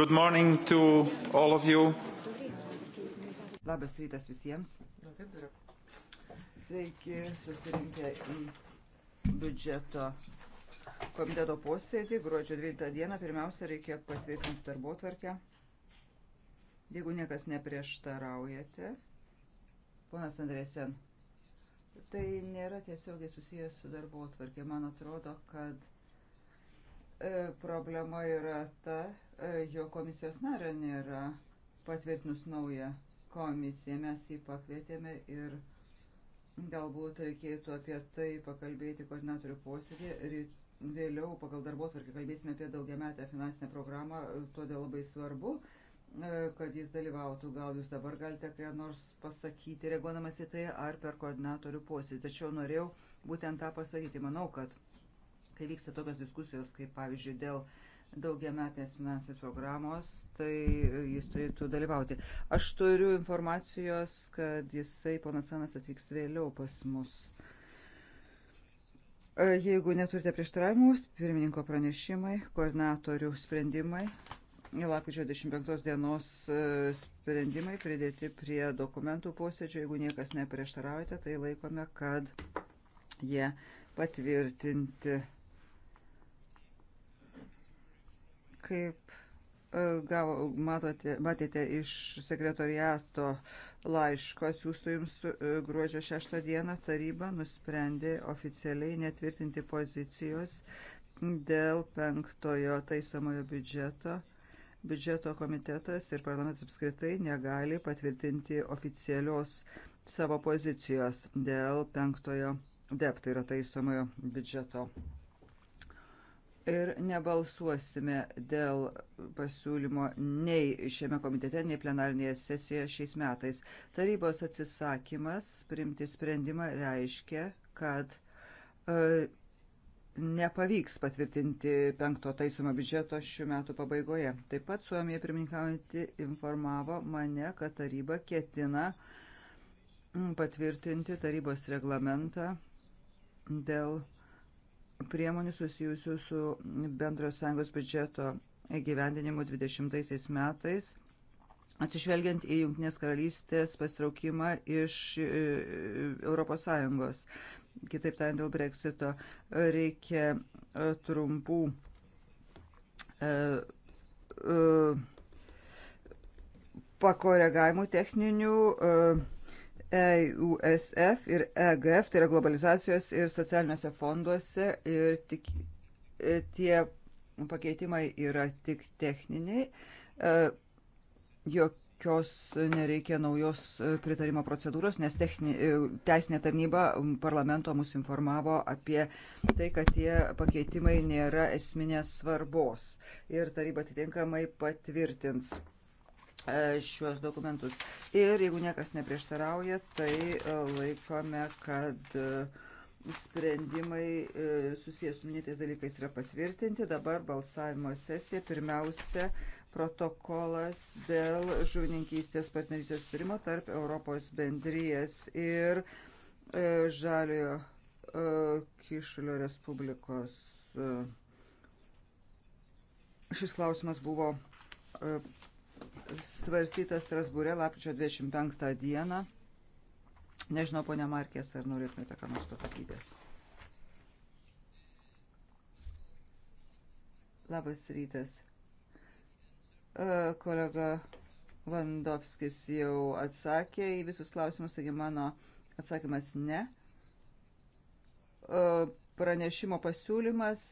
Good morning to all of you. Labas rytas visiems. Sveiki susirinkę į biudžeto komiteto posėdį. Gruodžio 12 dieną pirmiausia reikia patvirtinti darbo tvarkę. Jeigu niekas neprieštaraujate, ponas Andrėsen, tai nėra tiesiogiai susijęs su darbo tvarkė. Man atrodo, kad E, problema yra ta, e, jo komisijos nario nėra patvirtinus naują komisiją. Mes jį pakvietėme ir galbūt reikėtų apie tai pakalbėti koordinatorių posėdį. Vėliau pagal darbo tvarkį kalbėsime apie daugiametę finansinę programą, todėl labai svarbu, e, kad jis dalyvautų. Gal jūs dabar galite ką nors pasakyti, reaguodamas į tai, ar per koordinatorių posėdį. Tačiau norėjau būtent tą pasakyti. Manau, kad kai vyksta tokios diskusijos, kaip pavyzdžiui, dėl daugiametės finansinės programos, tai jis turėtų dalyvauti. Aš turiu informacijos, kad jisai, ponas Anas, atvyks vėliau pas mus. E, jeigu neturite prieštaravimų, pirmininko pranešimai, koordinatorių sprendimai, lapkričio 25 dienos e, sprendimai pridėti prie dokumentų posėdžio, jeigu niekas neprieštaraujate, tai laikome, kad jie patvirtinti. Kaip e, gavo, matote, matėte iš sekretoriato laiško siūsto jums e, gruodžio 6 dieną, taryba nusprendė oficialiai netvirtinti pozicijos dėl penktojo taisomojo biudžeto. Biudžeto komitetas ir parlamentas apskritai negali patvirtinti oficialios savo pozicijos dėl penktojo DEP, tai yra taisomojo biudžeto ir nebalsuosime dėl pasiūlymo nei šiame komitete, nei plenarinėje sesijoje šiais metais. Tarybos atsisakymas priimti sprendimą reiškia, kad e, nepavyks patvirtinti penkto taisomo biudžeto šių metų pabaigoje. Taip pat Suomija pirmininkaujantį informavo mane, kad taryba ketina mm, patvirtinti tarybos reglamentą dėl priemonių susijusių su bendrojo sąjungos biudžeto įgyvendinimu 20 metais, atsižvelgiant į Junktinės karalystės pasitraukimą iš e, Europos Sąjungos. Kitaip tariant, dėl breksito reikia e, trumpų e, pakoregavimų techninių EUSF ir EGF, tai yra globalizacijos ir socialiniuose fonduose ir tik, e, tie pakeitimai yra tik techniniai. E, jokios nereikia naujos e, pritarimo procedūros, nes techni, teisinė tarnyba parlamento mus informavo apie tai, kad tie pakeitimai nėra esminės svarbos ir taryba atitinkamai patvirtins E, šiuos dokumentus. Ir jeigu niekas neprieštarauja, tai e, laikome, kad e, sprendimai susijęs su minėtais dalykais yra patvirtinti. Dabar balsavimo sesija. Pirmiausia, protokolas dėl žuvininkystės partnerystės turimo tarp Europos bendrijas ir Žaliojo Kišulio Respublikos. Šis klausimas buvo svarstytas Strasbūre lapkričio 25 dieną. Nežinau, ponia Markės, ar norėtumėte ką nors pasakyti. Labas rytas. E, kolega Vandovskis jau atsakė į visus klausimus, taigi mano atsakymas ne. E, pranešimo pasiūlymas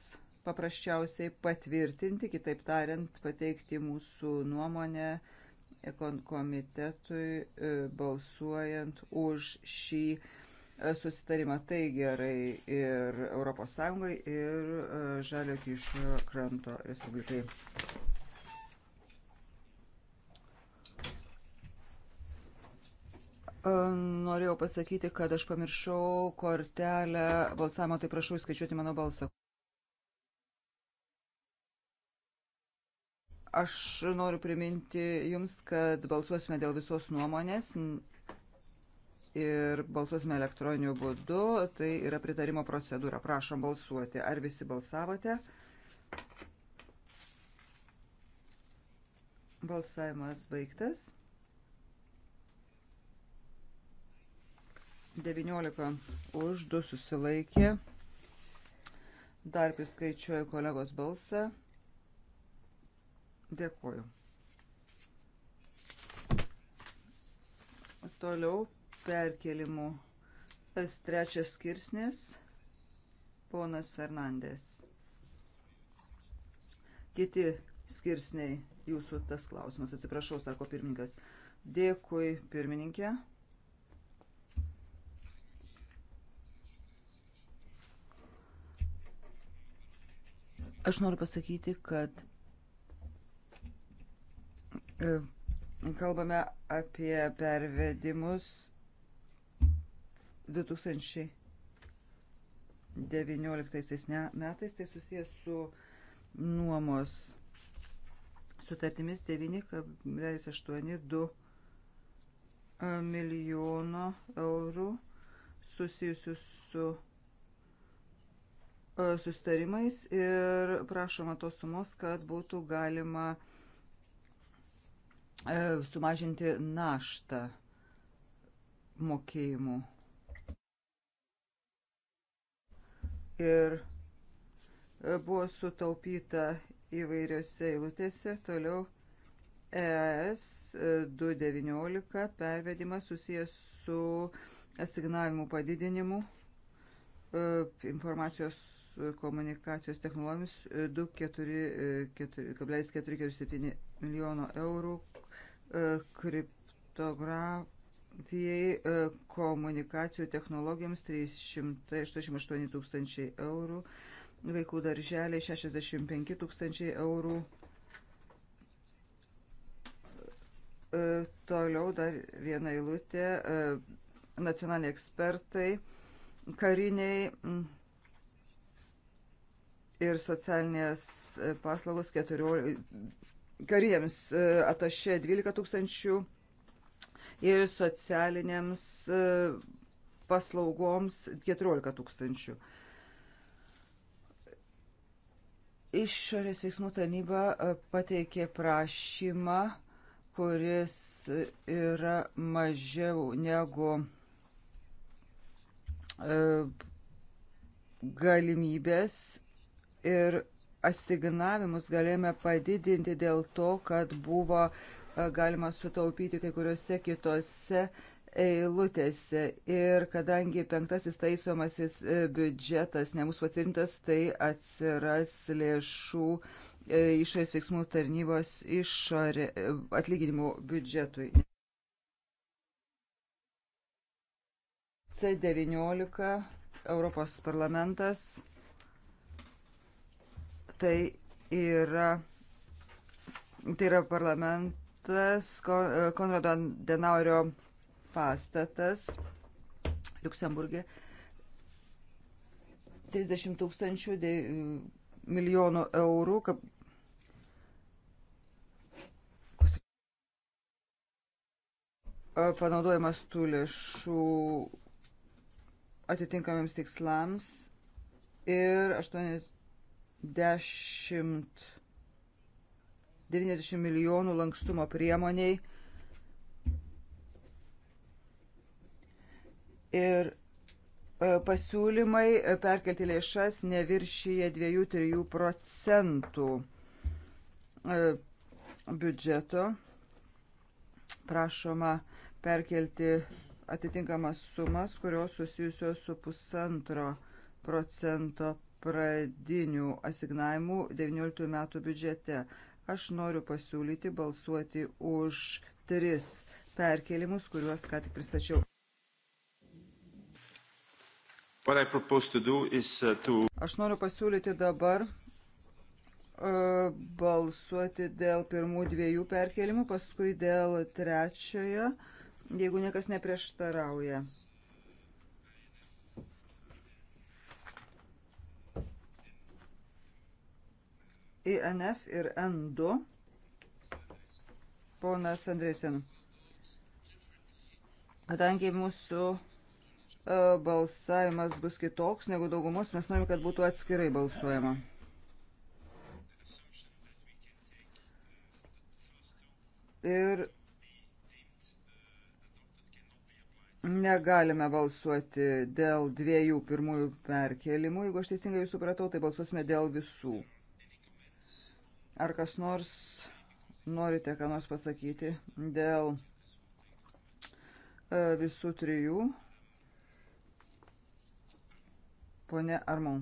paprasčiausiai patvirtinti, kitaip tariant, pateikti mūsų nuomonę komitetui e, balsuojant už šį e, susitarimą. Tai gerai ir ES, ir e, Žalio Kyšio kranto Respublikai. Norėjau pasakyti, kad aš pamiršau kortelę balsavimo, tai prašau įskaičiuoti mano balsą. Aš noriu priminti Jums, kad balsuosime dėl visos nuomonės ir balsuosime elektroniniu būdu. Tai yra pritarimo procedūra. Prašom balsuoti. Ar visi balsavote? Balsavimas baigtas. 19 už 2 susilaikė. Dar priskaičiuoju kolegos balsą. Dėkuoju. Toliau perkelimų. Tas trečias skirsnis, ponas Fernandės. Kiti skirsniai, jūsų tas klausimas, atsiprašau, sako pirmininkas. Dėkui, pirmininkė. Aš noriu pasakyti, kad Kalbame apie pervedimus 2019 metais, tai susijęs su nuomos sutartimis 9,82 e, milijono eurų susijusių su e, sustarimais ir prašoma tos sumos, kad būtų galima uh, E, sumažinti naštą mokėjimų. Ir e, buvo sutaupyta įvairiose eilutėse. Toliau ES 219 e, pervedimas susijęs su asignavimų padidinimu informacijos komunikacijos technologijomis 2,447 milijono eurų E, kriptografijai, e, komunikacijų technologijoms 388 tūkstančiai eurų, vaikų darželiai 65 tūkstančiai eurų. E, toliau dar viena eilutė, nacionaliniai ekspertai, kariniai ir socialinės paslaugos 14 kariniams e, atašė 12 tūkstančių ir socialiniams e, paslaugoms 14 tūkstančių. Išorės veiksmų tarnyba e, pateikė prašymą, kuris yra mažiau negu galimybės ir asignavimus galėjome padidinti dėl to, kad buvo e, galima sutaupyti kai kuriuose kitose eilutėse. Ir kadangi penktasis taisomasis e, biudžetas nebus patvirtintas, tai atsiras lėšų e, išorės veiksmų tarnybos išorė atlyginimų biudžetui. C19 Europos parlamentas tai yra, tai yra parlamentas Konrado Denaurio pastatas Luksemburgė. 30 tūkstančių milijonų eurų. Kap... Panaudojimas tų lėšų atitinkamiems tikslams ir 8 10, 90 milijonų lankstumo priemoniai. Ir e, pasiūlymai e, perkelti lėšas neviršyje 2-3 procentų e, biudžeto. Prašoma perkelti atitinkamas sumas, kurios susijusios su pusantro procento pradinių asignavimų 19 metų biudžete. Aš noriu pasiūlyti balsuoti už tris perkelimus, kuriuos ką tik pristačiau. Uh, Aš noriu pasiūlyti dabar uh, balsuoti dėl pirmų dviejų perkelimų, paskui dėl trečiojo, jeigu niekas neprieštarauja. INF e ir N2. Ponas Andresen, kadangi mūsų e, balsavimas bus kitoks negu daugumos, mes norime, kad būtų atskirai balsuojama. Ir negalime balsuoti dėl dviejų pirmųjų perkelimų. Jeigu aš teisingai jūs supratau, tai balsuosime dėl visų. Ar kas nors norite ką nors pasakyti dėl e, visų trijų? Pone Armon.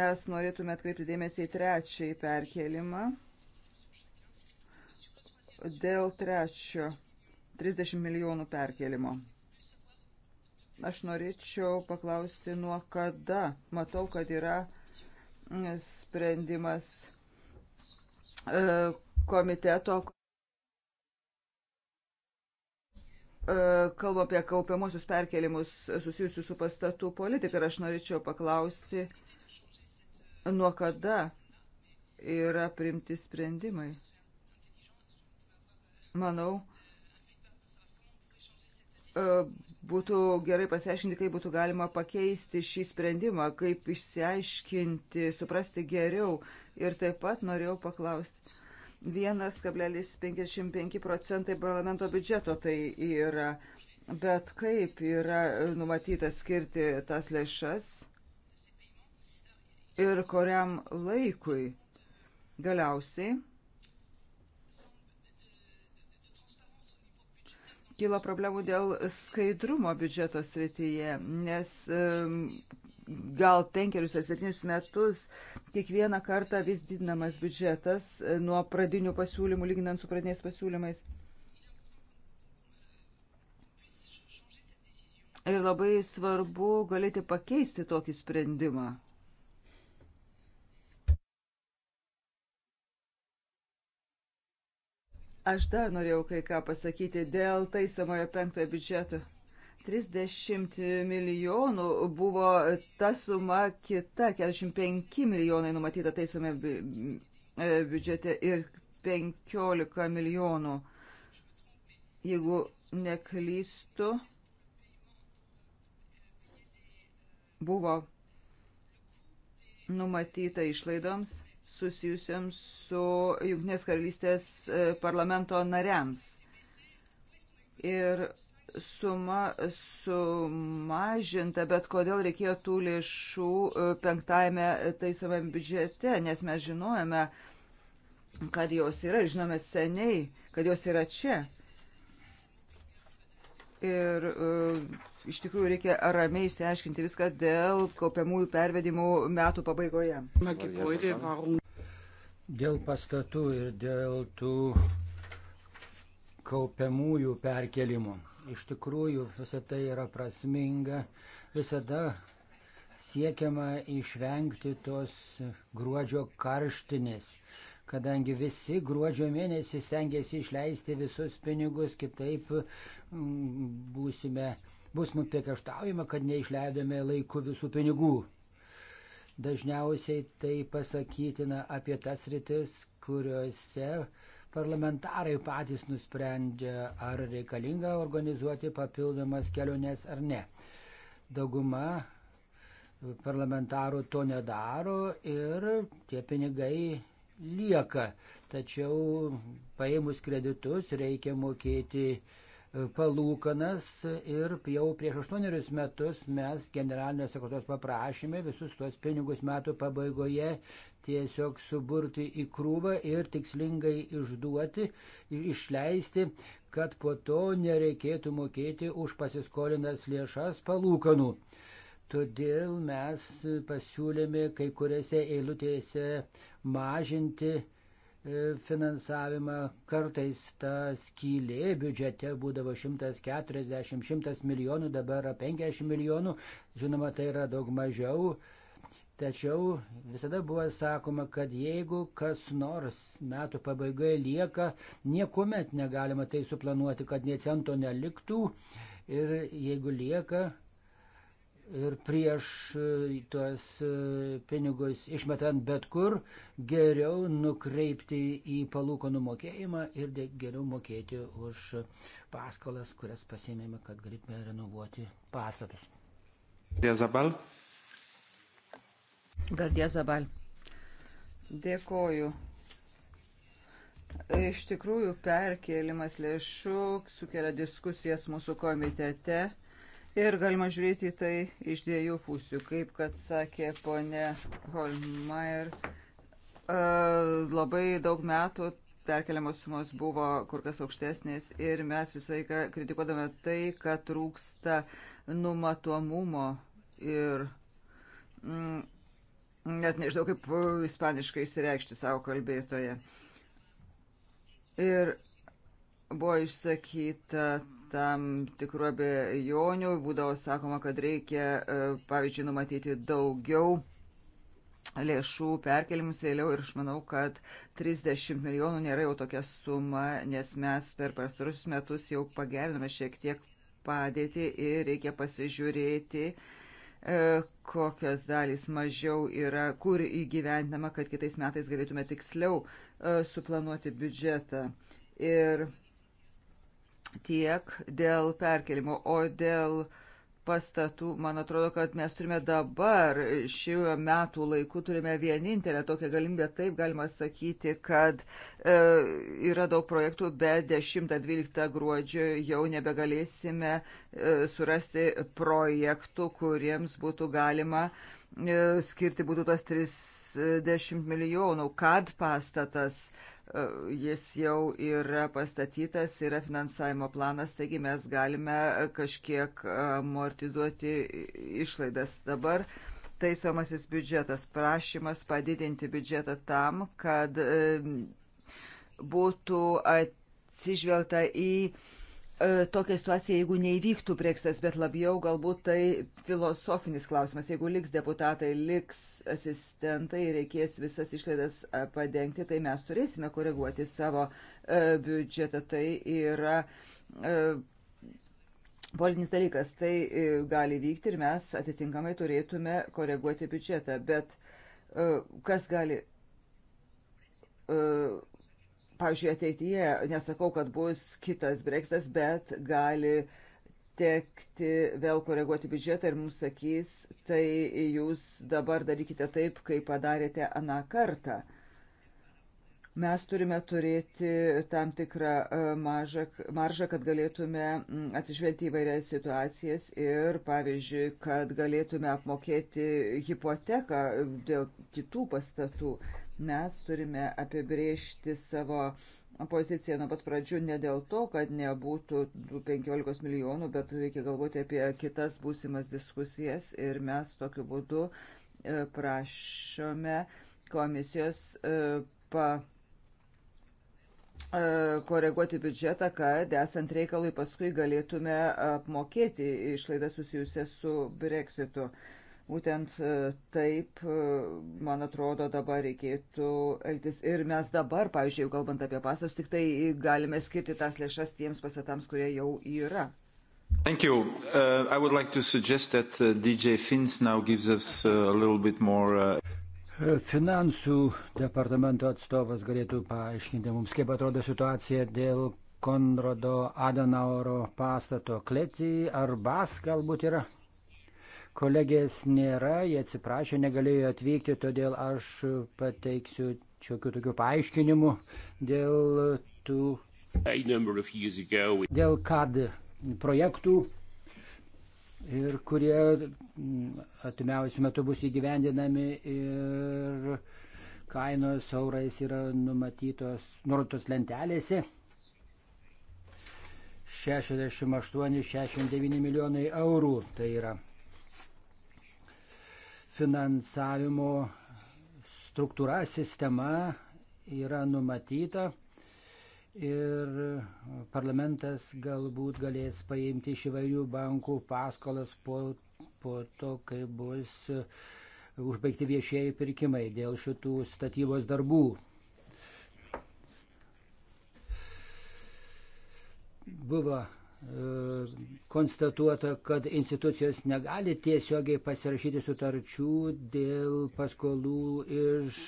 Mes norėtume atkreipti dėmesį į trečiąjį perkelimą. Dėl trečio 30 milijonų perkelimo. Aš norėčiau paklausti, nuo kada matau, kad yra sprendimas e, komiteto. E, Kalbu apie kaupiamusius perkelimus susijusius su pastatų politika ir aš norėčiau paklausti, nuo kada yra primti sprendimai. Manau, būtų gerai pasiaiškinti, kaip būtų galima pakeisti šį sprendimą, kaip išsiaiškinti, suprasti geriau. Ir taip pat norėjau paklausti. 1,55 procentai parlamento biudžeto tai yra. Bet kaip yra numatyta skirti tas lėšas ir kuriam laikui galiausiai kyla problemų dėl skaidrumo biudžeto srityje, nes gal penkerius ar septynius metus kiekvieną kartą vis didinamas biudžetas e, nuo pradinių pasiūlymų, lyginant su pradiniais pasiūlymais. Ir labai svarbu galėti pakeisti tokį sprendimą. Aš dar norėjau kai ką pasakyti dėl taisomojo penktojo biudžeto. 30 milijonų buvo ta suma kita, 45 milijonai numatyta taisome biudžete ir 15 milijonų. Jeigu neklystu, buvo numatyta išlaidoms susijusiems su Junktinės karalystės e, parlamento nariams. Ir suma sumažinta, bet kodėl reikėjo tų lėšų e, penktajame taisomame biudžete, nes mes žinojame, kad jos yra, žinome seniai, kad jos yra čia. Ir uh, iš tikrųjų reikia ramiai išsiaiškinti viską dėl kaupiamųjų pervedimų metų pabaigoje. Dėl pastatų ir dėl tų kaupiamųjų perkelimų. Iš tikrųjų visą tai yra prasminga. Visada siekiama išvengti tos gruodžio karštinės, kadangi visi gruodžio mėnesį stengiasi išleisti visus pinigus, kitaip mm, būsime Bus mums priekaštaujama, kad neišleidome laiku visų pinigų. Dažniausiai tai pasakytina apie tas rytis, kuriuose parlamentarai patys nusprendžia, ar reikalinga organizuoti papildomas keliones ar ne. Dauguma parlamentarų to nedaro ir tie pinigai lieka. Tačiau paėmus kreditus reikia mokėti palūkanas ir jau prieš aštuonerius metus mes generalinio sekretoriaus paprašėme visus tuos pinigus metų pabaigoje tiesiog suburti į krūvą ir tikslingai išduoti ir išleisti, kad po to nereikėtų mokėti už pasiskolinas lėšas palūkanų. Todėl mes pasiūlėme kai kuriuose eilutėse mažinti E, finansavimą. Kartais ta skylė biudžete būdavo 140-100 milijonų, dabar yra 50 milijonų. Žinoma, tai yra daug mažiau. Tačiau visada buvo sakoma, kad jeigu kas nors metų pabaigoje lieka, niekuomet negalima tai suplanuoti, kad nie cento neliktų. Ir jeigu lieka ir prieš e, tuos e, pinigus išmetant bet kur, geriau nukreipti į palūkonų mokėjimą ir geriau mokėti už paskolas, kurias pasėmėme, kad galėtume renovuoti pastatus. Diezabal. Gardė Zabal. Dėkoju. Iš tikrųjų, perkėlimas lėšų sukelia diskusijas mūsų komitete Ir galima žiūrėti į tai iš dviejų pusių, kaip kad sakė ponė Holmeier. E, labai daug metų perkeliamos sumos buvo kur kas aukštesnės ir mes visą laiką kritikuodame tai, kad trūksta numatomumo ir mm, net nežinau, kaip ispaniškai įsireikšti savo kalbėtoje. Ir buvo išsakyta tam tikruo abejonių, būdavo sakoma, kad reikia, e, pavyzdžiui, numatyti daugiau lėšų perkelimus vėliau ir aš manau, kad 30 milijonų nėra jau tokia suma, nes mes per pastarusius metus jau pagerinome šiek tiek padėtį ir reikia pasižiūrėti, e, kokios dalys mažiau yra, kur įgyvendinama, kad kitais metais galėtume tiksliau e, suplanuoti biudžetą. Ir tiek dėl perkelimo, o dėl pastatų, man atrodo, kad mes turime dabar šiuo metų laiku turime vienintelę tokią galimybę, taip galima sakyti, kad e, yra daug projektų, bet 10-12 gruodžio jau nebegalėsime e, surasti projektų, kuriems būtų galima e, skirti būtų tas 30 milijonų, kad pastatas E, jis jau yra pastatytas, yra finansavimo planas, taigi mes galime kažkiek amortizuoti išlaidas dabar. Taisomasis biudžetas, prašymas padidinti biudžetą tam, kad e, būtų atsižvelgta į E, tokią situaciją, jeigu neįvyktų breksitas, bet labiau galbūt tai filosofinis klausimas. Jeigu liks deputatai, liks asistentai ir reikės visas išlaidas e, padengti, tai mes turėsime koreguoti savo e, biudžetą. Tai yra politinis dalykas, tai gali vykti ir mes atitinkamai turėtume koreguoti biudžetą. Bet kas gali pavyzdžiui, ateityje, nesakau, kad bus kitas breksitas, bet gali tekti vėl koreguoti biudžetą ir mums sakys, tai jūs dabar darykite taip, kaip padarėte aną kartą mes turime turėti tam tikrą e, mažą, maržą, kad galėtume atsižvelgti įvairias situacijas ir, pavyzdžiui, kad galėtume apmokėti hipoteką dėl kitų pastatų. Mes turime apibriežti savo poziciją nuo pat pradžių ne dėl to, kad nebūtų 15 milijonų, bet reikia galvoti apie kitas būsimas diskusijas ir mes tokiu būdu e, prašome komisijos e, pa e, koreguoti biudžetą, kad esant reikalui paskui galėtume apmokėti išlaidą susijusią su breksitu. Uh, Būtent e, taip, e, man atrodo, dabar reikėtų elgtis. Ir mes dabar, pavyzdžiui, kalbant apie pasus, tik tai galime skirti tas lėšas tiems pasatams, kurie jau yra. Thank you. Uh, I would like to suggest that uh, DJ Fins now gives us uh, a little bit more. Uh... Finansų departamento atstovas galėtų paaiškinti mums, kaip atrodo situacija dėl Konrado Adenauro pastato Kleti ar Bas galbūt yra. Kolegės nėra, jie atsiprašė, negalėjo atvykti, todėl aš pateiksiu šiokių tokių paaiškinimų dėl tų. Dėl kad projektų ir kurie mm, atimiausių metų bus įgyvendinami ir kainos eurais yra numatytos, nurodytos lentelėse. 68-69 milijonai eurų tai yra finansavimo struktūra, sistema yra numatyta ir parlamentas galbūt galės paimti iš įvairių bankų paskolas po, po to, kai bus užbaigti viešieji pirkimai dėl šitų statybos darbų. Buvo E, konstatuota, kad institucijos negali tiesiogiai pasirašyti sutarčių dėl paskolų iš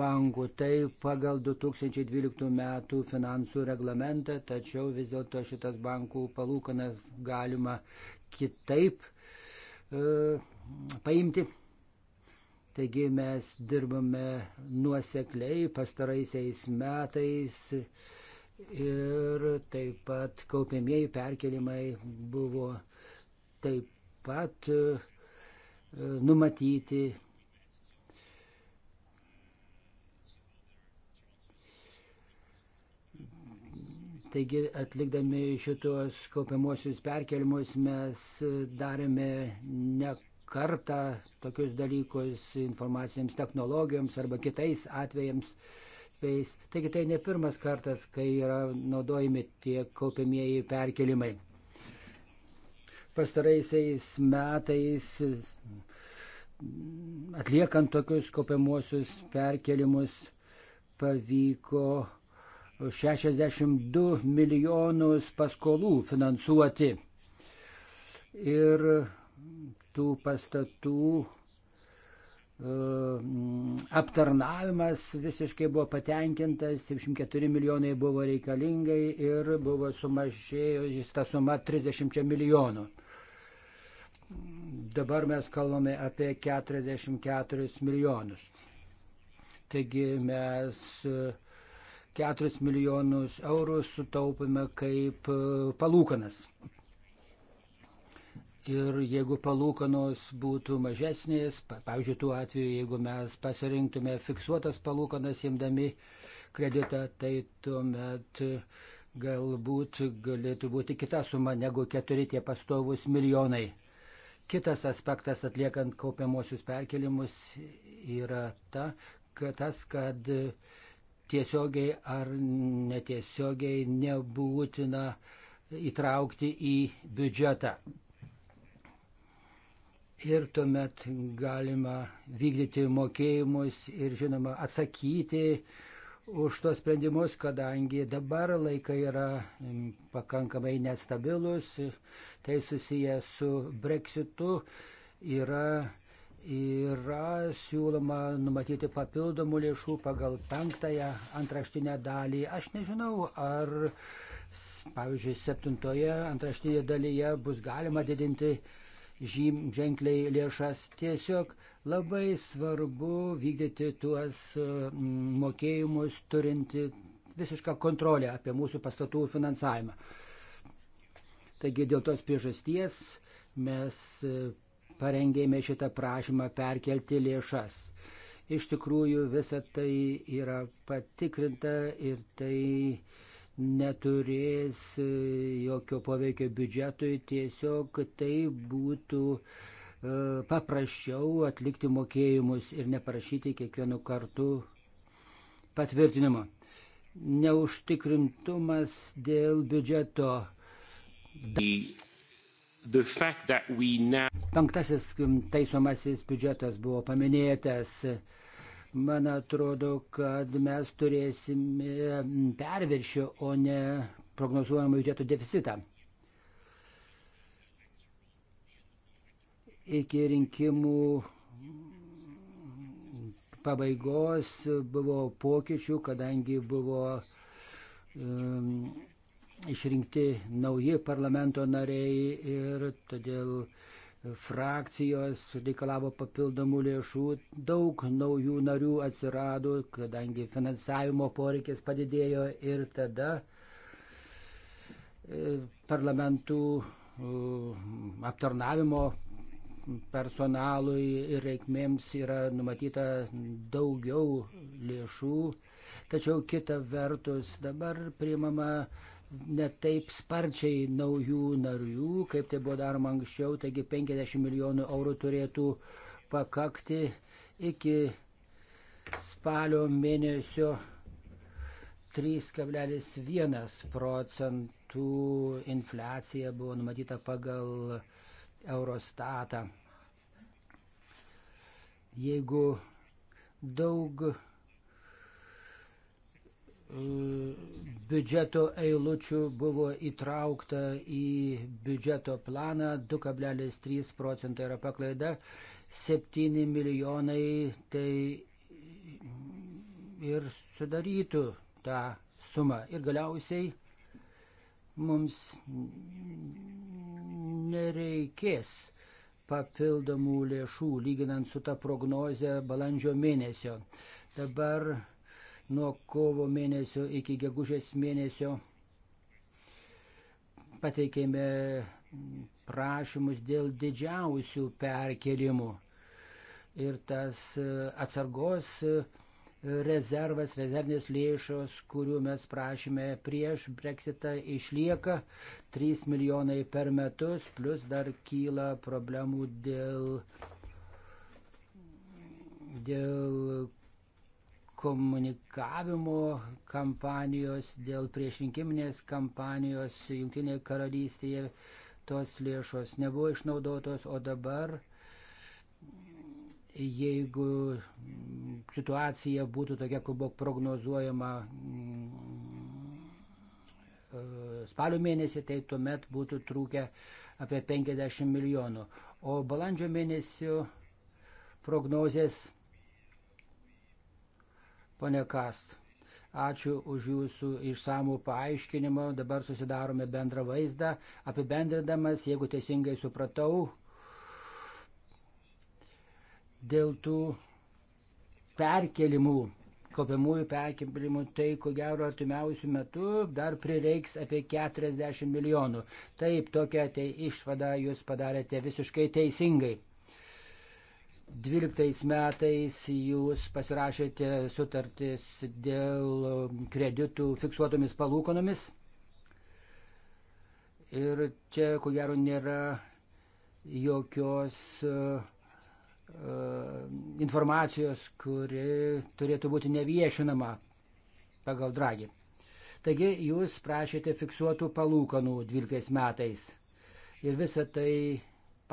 bankų. Tai pagal 2012 metų finansų reglamentą, tačiau vis dėlto šitas bankų palūkanas galima kitaip e, paimti. Taigi mes dirbame nuosekliai pastaraisiais metais. E, ir taip pat kaupiamieji perkelimai buvo taip pat e, numatyti. Taigi atlikdami šitos kaupiamuosius perkelimus mes darėme ne kartą tokius dalykus informacinėms technologijoms arba kitais atvejams. Uh, etapais. Taigi tai ne pirmas kartas, kai yra naudojami tie kaupiamieji perkelimai. Pastaraisiais metais atliekant tokius kaupiamuosius perkelimus pavyko 62 milijonus paskolų finansuoti. Ir tų pastatų Ehm, aptarnavimas visiškai buvo patenkintas, 74 milijonai buvo reikalingai ir buvo sumažėjus ta suma 30 milijonų. Dabar mes kalbame apie 44 milijonus. Taigi mes 4 e, milijonus eurų sutaupime kaip e, palūkanas. Ir jeigu palūkanos būtų mažesnės, pavyzdžiui, tuo atveju, jeigu mes pasirinktume fiksuotas palūkanas imdami kreditą, tai tuomet galbūt galėtų būti kita suma negu keturi tie pastovus milijonai. Kitas aspektas atliekant kaupiamosius perkelimus yra ta, kad tas, kad tiesiogiai ar netiesiogiai nebūtina įtraukti į biudžetą ir tuomet galima vykdyti mokėjimus ir, žinoma, atsakyti už tos sprendimus, kadangi dabar laikai yra pakankamai nestabilus, tai susiję su breksitu, yra, yra siūloma numatyti papildomų lėšų pagal penktąją antraštinę dalį. Aš nežinau, ar, pavyzdžiui, septintoje antraštinėje dalyje bus galima didinti uh, žym, ženkliai lėšas. Tiesiog labai svarbu vykdyti tuos e, mokėjimus, turinti visišką kontrolę apie mūsų pastatų finansavimą. Taigi dėl tos priežasties mes e, parengėme šitą prašymą perkelti lėšas. Iš tikrųjų visa tai yra patikrinta ir tai uh, neturės e, jokio poveikio biudžetui, tiesiog tai būtų e, paprasčiau atlikti mokėjimus ir neprašyti kiekvienu kartu patvirtinimo. Neužtikrintumas dėl biudžeto. The, the now... Penktasis taisomasis biudžetas buvo paminėtas. Uh, Man atrodo, kad mes turėsime mm, perviršį, o ne prognozuojamą biudžeto deficitą. Iki rinkimų pabaigos buvo pokyčių, kadangi buvo um, išrinkti nauji parlamento nariai ir todėl uh, frakcijos reikalavo papildomų lėšų, daug naujų narių atsirado, kadangi finansavimo poreikis padidėjo ir tada e, parlamentų e, aptarnavimo personalui ir reikmėms yra numatyta daugiau lėšų, tačiau kita vertus dabar priimama uh, netaip sparčiai naujų narių, kaip tai buvo daroma anksčiau, taigi 50 milijonų eurų turėtų pakakti iki spalio mėnesio 3,1 procentų infliacija buvo numatyta pagal Eurostatą. Jeigu daug biudžeto eilučių buvo įtraukta į biudžeto planą 2,3 procentai yra paklaida, 7 milijonai tai ir sudarytų tą sumą. Ir galiausiai mums nereikės papildomų lėšų lyginant su ta prognoze balandžio mėnesio. Dabar nuo kovo mėnesio iki gegužės mėnesio pateikėme prašymus dėl didžiausių perkelimų. Ir tas e, atsargos e, rezervas, rezervinės lėšos, kurių mes prašėme prieš breksitą, išlieka 3 milijonai per metus, plus dar kyla problemų dėl, dėl komunikavimo kampanijos, dėl priešrinkiminės kampanijos Junktinėje karalystėje tos lėšos nebuvo išnaudotos, o dabar, jeigu situacija būtų tokia, kaip buvo prognozuojama mm, e, spalio mėnesį, tai tuomet būtų trūkę apie 50 milijonų. O balandžio mėnesio prognozės Pone Kas, ačiū už jūsų išsamų paaiškinimą. Dabar susidarome bendrą vaizdą. Apibendrindamas, jeigu teisingai supratau, dėl tų perkelimų, kaupiamųjų perkelimų, tai ko gero artimiausių metų dar prireiks apie 40 milijonų. Taip, tokią tai išvadą jūs padarėte visiškai teisingai. 12 metais jūs pasirašėte sutartis dėl kreditų fiksuotomis palūkonomis. Ir čia, ko gero, nėra jokios uh, informacijos, kuri turėtų būti neviešinama pagal dragį. Taigi jūs prašėte fiksuotų palūkanų 12 metais. Ir visa tai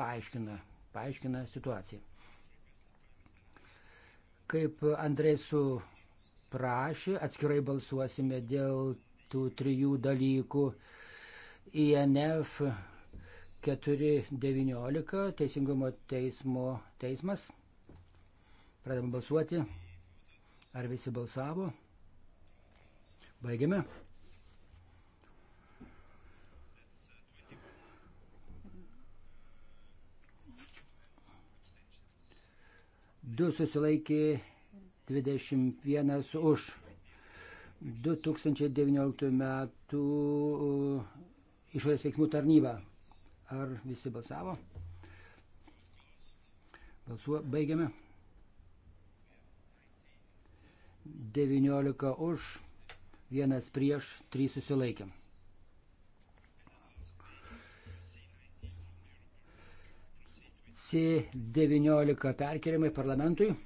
paaiškina, paaiškina situaciją. Kaip Andrėsų prašė, atskirai balsuosime dėl tų trijų dalykų. INF 419 Teisingumo teismo teismas. Pradedam balsuoti. Ar visi balsavo? Baigiame. 2 susilaikė 21 už. 2019 metų uh, išorės veiksmų tarnyba. Ar visi balsavo? Balsuo, baigiame. 19 už, 1 prieš, 3 susilaikėm. C19 perkelimai parlamentui.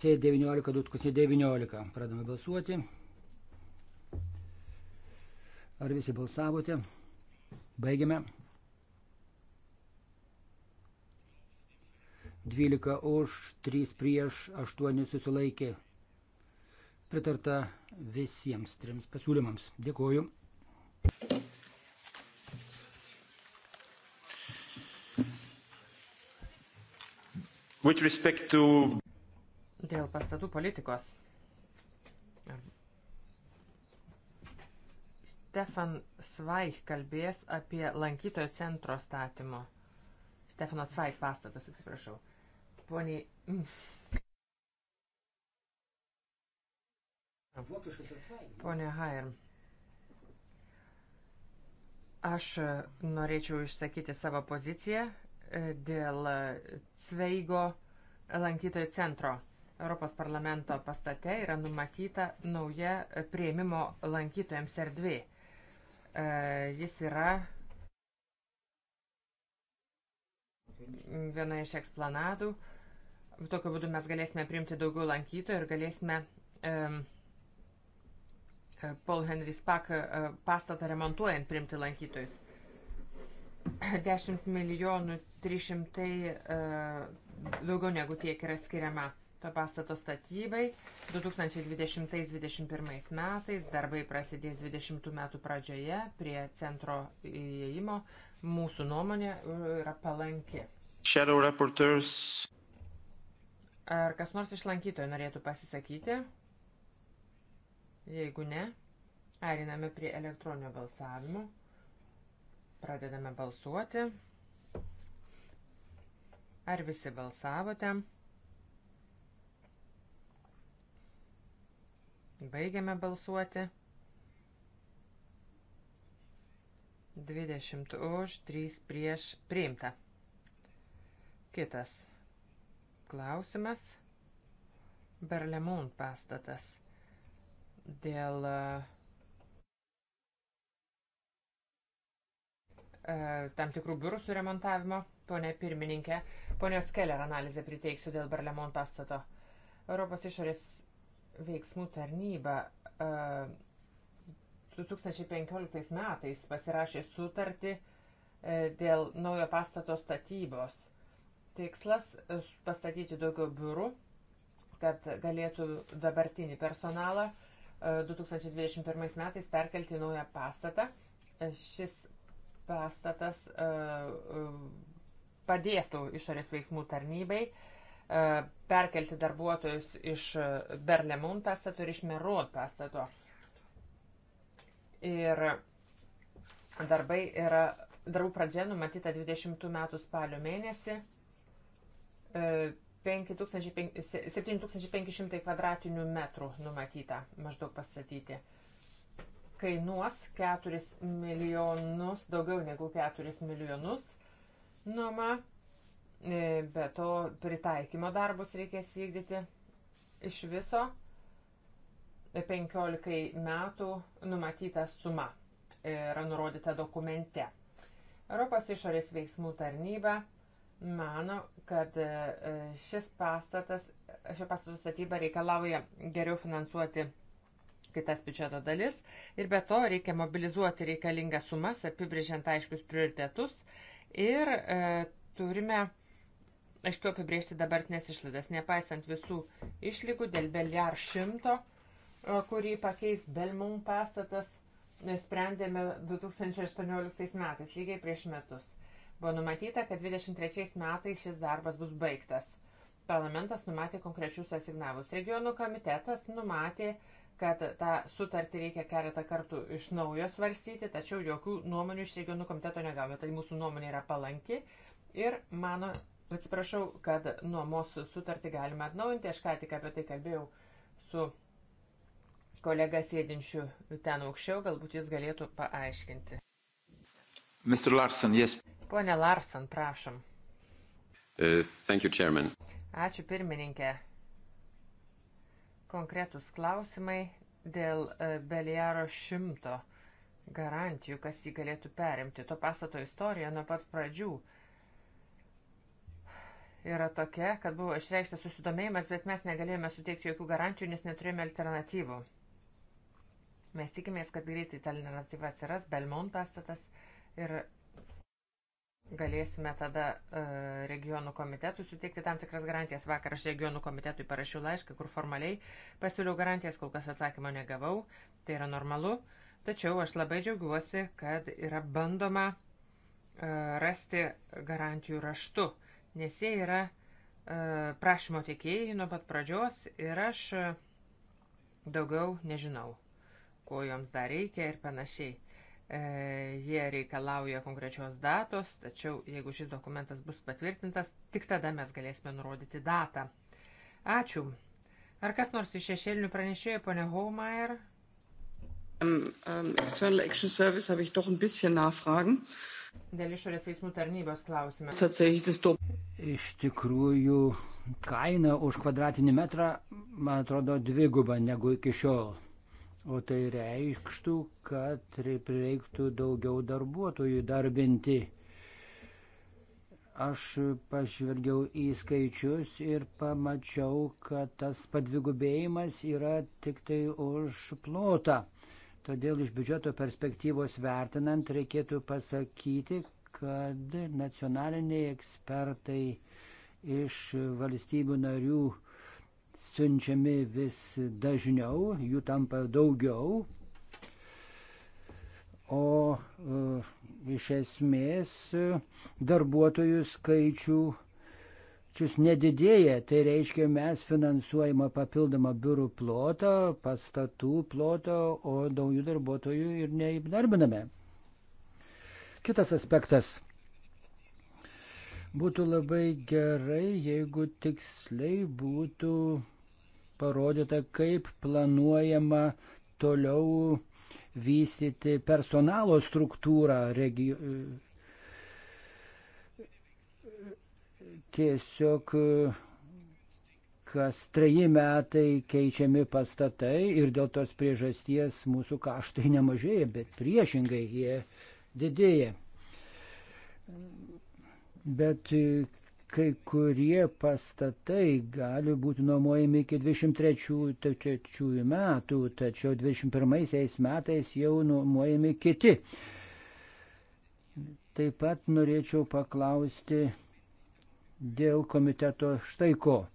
C19 2019. Pradame balsuoti. Ar visi balsavote? Baigiame. 12 už, 3 prieš, 8 susilaikė. Pritarta visiems trims pasiūlymams. Dėkuoju. To... Dėl pastatų politikos. Stefan Svaik kalbės apie lankytojo centro statymo. Stefano Svaik pastatas, atsiprašau. Poniai. Mm. Pone Hair. Aš norėčiau išsakyti savo poziciją dėl Sveigo lankytojų centro. Europos parlamento pastate yra numatyta nauja prieimimo lankytojams erdvė. E, jis yra viena iš eksplanadų. Tokiu būdu mes galėsime priimti daugiau lankytojų ir galėsime e, Paul Henry Spak e, pastatą remontuojant priimti lankytojus. 10 milijonų 300 e, daugiau negu tiek yra skiriama to pastato statybai. 2020-2021 metais darbai prasidės 20 metų pradžioje prie centro įėjimo. Mūsų nuomonė e, yra palanki. Shadow Reporters. Ar kas nors iš lankytojų norėtų pasisakyti? Jeigu ne, eriname prie elektroninio balsavimo. Pradedame balsuoti. Ar visi balsavote? Baigiame balsuoti. 20 už, 3 prieš priimta. Kitas klausimas. Berlemont pastatas. Dėl uh, E, tam tikrų biurų suremontavimo. Pone pirmininkė, ponios Keller analizę priteiksiu dėl Barlemon pastato. Europos išorės veiksmų tarnyba 2015 e, metais pasirašė sutartį e, dėl naujo pastato statybos. Tikslas - pastatyti daugiau biurų, kad galėtų dabartinį personalą 2021 metais perkelti į naują pastatą. Šis pastatas e, e, padėtų išorės veiksmų tarnybai e, perkelti darbuotojus iš Berlemon pastato ir iš Merod pastato. Ir darbai yra, darbų pradžia numatyta 20 metų spalio mėnesį. 7500 kvadratinių metrų numatyta maždaug pastatyti kainuos 4 milijonus, daugiau negu 4 milijonus nuoma, e, be to pritaikymo darbus reikės vykdyti iš viso 15 metų numatyta suma yra nurodyta dokumente. Europos išorės veiksmų tarnyba mano, kad e, šis pastatas, šio pastato statyba reikalauja geriau finansuoti kitas biudžeto dalis ir be to reikia mobilizuoti reikalingas sumas, apibrėžiant aiškius prioritetus ir e, turime aiškiau apibrėžti dabartinės išlaidas, nepaisant visų išlygų dėl Beliar 100, e, kurį pakeis Belmont pastatas, sprendėme 2018 metais, lygiai prieš metus. Buvo numatyta, kad 23 metais šis darbas bus baigtas. Parlamentas numatė konkrečius asignavus. Regionų komitetas numatė kad tą sutartį reikia keletą kartų iš naujo svarstyti, tačiau jokių nuomonių iš regionų komiteto negavome. Tai mūsų nuomonė yra palanki ir mano, atsiprašau, kad nuomos sutartį galime atnaujinti. Aš ką tik apie tai kalbėjau su kolega sėdinčiu ten aukščiau, galbūt jis galėtų paaiškinti. Mr. Larson, yes. Pone Larson, prašom. Uh, thank you, Chairman. Ačiū pirmininkė konkretus klausimai dėl e, Beliaro šimto garantijų, kas jį galėtų perimti. To pastato istorija nuo pat pradžių yra tokia, kad buvo išreikštas susidomėjimas, bet mes negalėjome suteikti jokių garantijų, nes neturėjome alternatyvų. Mes tikimės, kad greitai ta alternatyva atsiras, Belmont pastatas ir galėsime tada e, regionų komitetui suteikti tam tikras garantijas. Vakar aš regionų komitetui parašiau laišką, kur formaliai pasiūliau garantijas, kol kas atsakymo negavau, tai yra normalu. Tačiau aš labai džiaugiuosi, kad yra bandoma e, rasti garantijų raštu, nes jie yra e, prašymo tiekėjai nuo pat pradžios ir aš daugiau nežinau, ko joms dar reikia ir panašiai. E, jie reikalauja konkrečios datos, tačiau jeigu šis dokumentas bus patvirtintas, tik tada mes galėsime nurodyti datą. Ačiū. Ar kas nors iš šešėlinių pranešėjo, ponė Hohmeier? Um, um, External Action Service habe ich doch ein bisschen nachfragen. Dėl išorės veiksmų tarnybos klausime. Iš tikrųjų, kaina už kvadratinį metrą, man atrodo, dviguba negu iki šiol. O tai reikštų, kad prireiktų daugiau darbuotojų darbinti. Aš pažvelgiau į skaičius ir pamačiau, kad tas padvigubėjimas yra tik tai už plotą. Todėl iš biudžeto perspektyvos vertinant reikėtų pasakyti, kad nacionaliniai ekspertai iš valstybių narių uh, siunčiami vis dažniau, jų tampa daugiau. O uh, iš esmės darbuotojų skaičių skaičius nedidėja, tai reiškia mes finansuojame papildomą biurų plotą, pastatų plotą, o naujų darbuotojų ir neįdarbiname. Kitas aspektas. Būtų labai gerai, jeigu tiksliai būtų parodyta, kaip planuojama toliau vystyti personalo struktūrą regio... tiesiog kas treji metai keičiami pastatai ir dėl tos priežasties mūsų kaštai nemažėja, bet priešingai jie didėja bet e, kai kurie pastatai gali būti nuomojami iki 23 metų, tačiau 21 metais jau nuomojami kiti. Taip pat norėčiau paklausti dėl komiteto štaiko.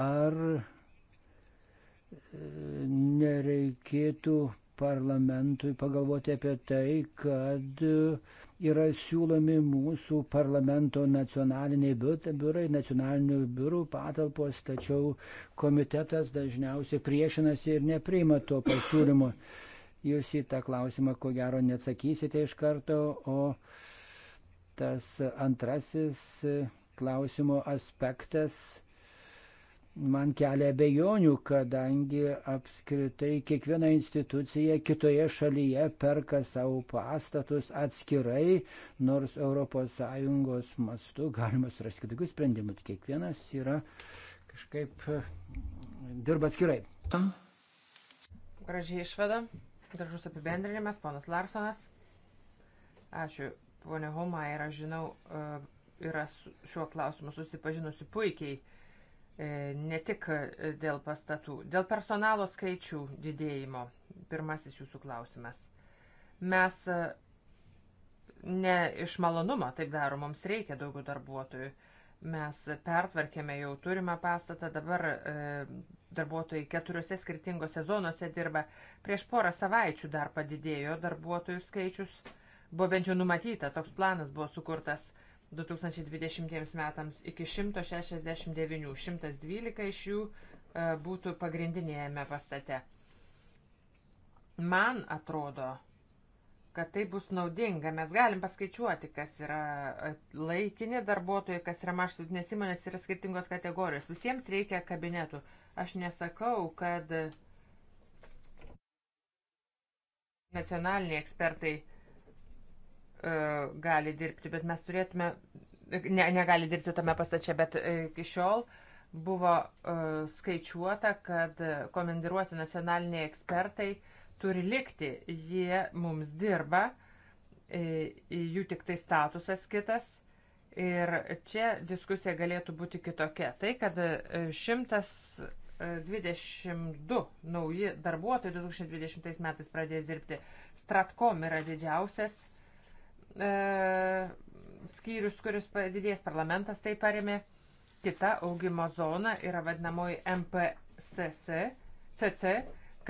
Ar e, nereikėtų parlamentui pagalvoti apie tai, kad yra siūlomi mūsų parlamento nacionaliniai biurai, nacionalinių biurų patalpos, tačiau komitetas dažniausiai priešinasi ir nepriima to pasiūlymo. Jūs į tą klausimą ko gero neatsakysite iš karto, o tas antrasis klausimo aspektas man kelia bejonių, kadangi apskritai kiekviena institucija kitoje šalyje perka savo pastatus atskirai, nors ES mastu galima surasti kitokių sprendimų. Tai kiekvienas yra kažkaip e, dirba atskirai. Gražiai išvada, gražus apibendrinimas, ponas Larsonas. Ačiū, ponė Homa, ir aš žinau, e, yra šiuo klausimu susipažinusi puikiai E, ne tik e, dėl pastatų, dėl personalo skaičių didėjimo. Pirmasis jūsų klausimas. Mes e, ne iš malonumo taip daro, mums reikia daugiau darbuotojų. Mes pertvarkėme jau turimą pastatą, dabar e, darbuotojai keturiose skirtingose zonose dirba. Prieš porą savaičių dar padidėjo darbuotojų skaičius, buvo bent jau numatyta, toks planas buvo sukurtas 2020 metams iki 169, 112 iš jų e, būtų pagrindinėjame pastate. Man atrodo, kad tai bus naudinga. Mes galim paskaičiuoti, kas yra e, laikini darbuotojai, kas yra maštutinės įmonės, yra skirtingos kategorijos. Visiems reikia kabinetų. Aš nesakau, kad nacionaliniai ekspertai uh, E, gali dirbti, bet mes turėtume, ne, negali dirbti tame pastatčia, bet e, iki šiol buvo e, skaičiuota, kad komandiruoti nacionaliniai ekspertai turi likti, jie mums dirba, jų tik tai statusas kitas. Ir čia diskusija galėtų būti kitokia. Tai, kad 122 nauji darbuotojai 2020 metais pradės dirbti, Stratcom yra didžiausias E, skyrius, kuris didės parlamentas, tai paremė. Kita augimo zona yra vadinamoji MPCC, CC,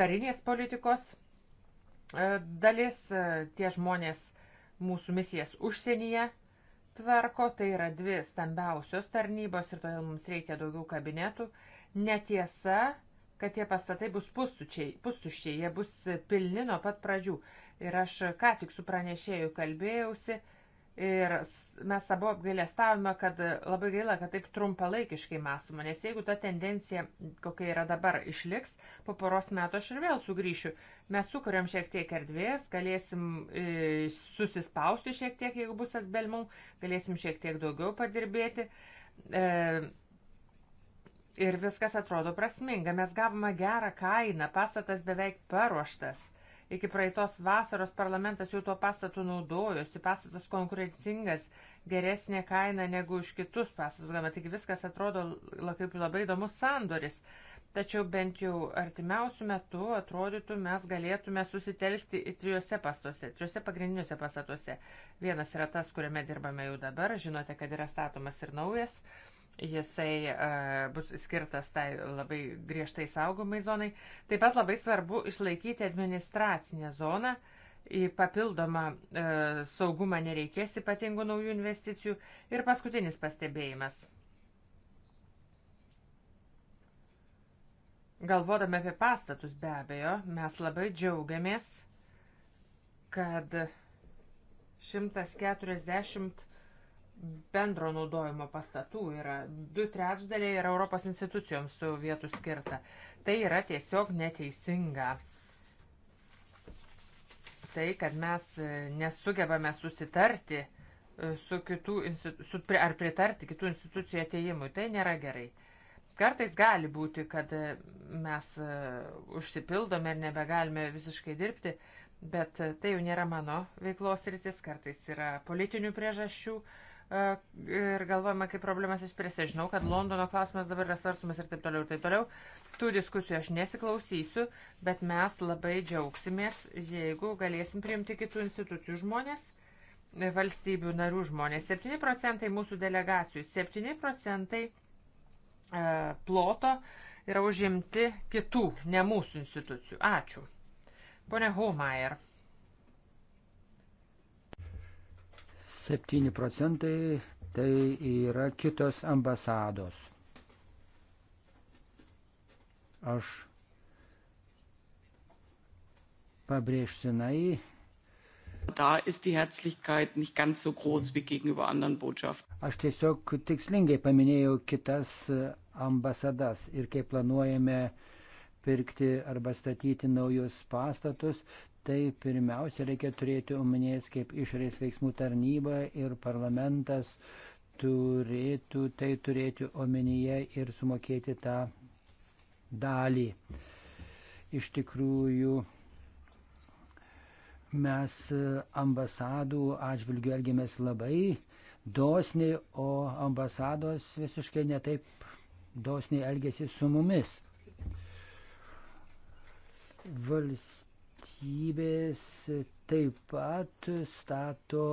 karinės politikos e, dalis. E, tie žmonės mūsų misijas užsienyje tvarko, tai yra dvi stambiausios tarnybos ir todėl mums reikia daugiau kabinetų. Netiesa, kad tie pastatai bus pustučiai, pustuščiai, jie bus pilni nuo pat pradžių. Ir aš ką tik su pranešėju kalbėjausi ir mes abu apgailestavome, kad labai gaila, kad taip trumpalaikiškai mąstoma, nes jeigu ta tendencija, kokia yra dabar, išliks, po poros metų aš ir vėl sugrįšiu. Mes sukuriam šiek tiek erdvės, galėsim e, susispausti šiek tiek, jeigu bus asbelmų, galėsim šiek tiek daugiau padirbėti. E, ir viskas atrodo prasminga. Mes gavome gerą kainą, pastatas beveik paruoštas. Iki praeitos vasaros parlamentas jau tuo pastatu naudojosi, pastatas konkurencingas, geresnė kaina negu už kitus pastatus, gama tik viskas atrodo kaip labai įdomus sandoris. Tačiau bent jau artimiausių metų, atrodytų, mes galėtume susitelkti į trijose pastose, trijose pagrindiniuose pastatuose. Vienas yra tas, kuriame dirbame jau dabar, žinote, kad yra statomas ir naujas. Uh, jisai e, bus skirtas tai labai griežtai saugomai zonai. Taip pat labai svarbu išlaikyti administracinę zoną. Į papildomą e, saugumą nereikės ypatingų naujų investicijų. Ir paskutinis pastebėjimas. Galvodami apie pastatus be abejo, mes labai džiaugiamės, kad 140 bendro naudojimo pastatų yra. Du trečdaliai yra Europos institucijoms tų vietų skirta. Tai yra tiesiog neteisinga. Tai, kad mes e, nesugebame susitarti e, su kitų, su, ar pritarti kitų institucijų ateimui, tai nėra gerai. Kartais gali būti, kad e, mes užsipildome ir nebegalime visiškai dirbti, bet tai jau nėra mano veiklos rytis, kartais yra politinių priežasčių, uh, E, ir galvojame, kaip problemas išspręsti. Žinau, kad Londono klausimas dabar yra svarstumas ir taip toliau, ir taip toliau. Tų diskusijų aš nesiklausysiu, bet mes labai džiaugsimės, jeigu galėsim priimti kitų institucijų žmonės, e, valstybių narių žmonės. 7 procentai mūsų delegacijų, 7 procentai e, ploto yra užimti kitų, ne mūsų institucijų. Ačiū. Pone Homayer. 7 procentai tai yra kitos ambasados. Aš pabrėžtinai. Da ist die Herzlichkeit nicht ganz so groß wie gegenüber anderen Botschaften. Aš tiesiog tikslingai paminėjau kitas ambasadas ir kaip planuojame pirkti arba statyti naujus pastatus, tai pirmiausia reikia turėti omenės, kaip išorės veiksmų tarnyba ir parlamentas turėtų tai turėti omenyje ir sumokėti tą dalį. Iš tikrųjų, mes ambasadų atžvilgių elgiamės labai dosniai, o ambasados visiškai netaip dosniai elgėsi su mumis. Valst valstybės taip pat stato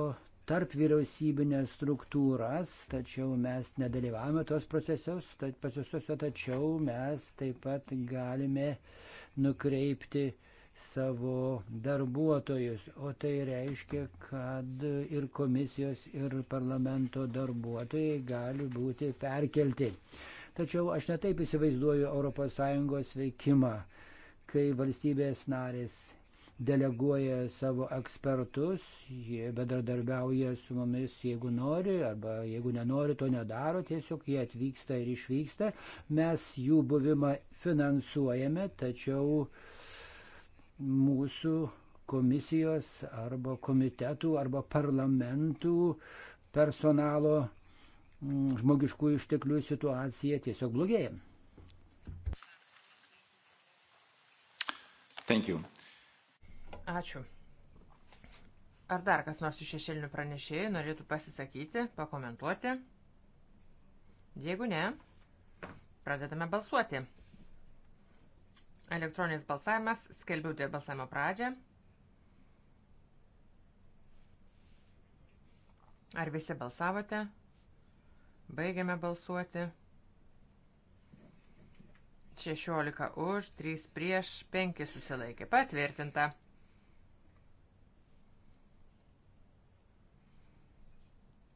tarp vyriausybinės struktūras, tačiau mes nedalyvavome tos procesus, procesuose, tačiau mes taip pat galime nukreipti savo darbuotojus. O tai reiškia, kad ir komisijos, ir parlamento darbuotojai gali būti perkelti. Tačiau aš netaip įsivaizduoju ES veikimą, kai valstybės narės deleguoja savo ekspertus, jie bedradarbiauja su mumis, jeigu nori, arba jeigu nenori, to nedaro, tiesiog jie atvyksta ir išvyksta. Mes jų buvimą finansuojame, tačiau mūsų komisijos arba komitetų arba parlamentų personalo mm, žmogiškų išteklių situacija tiesiog blogėja. Thank you. Ačiū. Ar dar kas nors iš šešėlinių pranešėjų norėtų pasisakyti, pakomentuoti? Jeigu ne, pradedame balsuoti. Elektroninis balsavimas, skelbiu dėl balsavimo pradžią. Ar visi balsavote? Baigiame balsuoti. 16 už, 3 prieš, 5 susilaikė. Patvirtinta.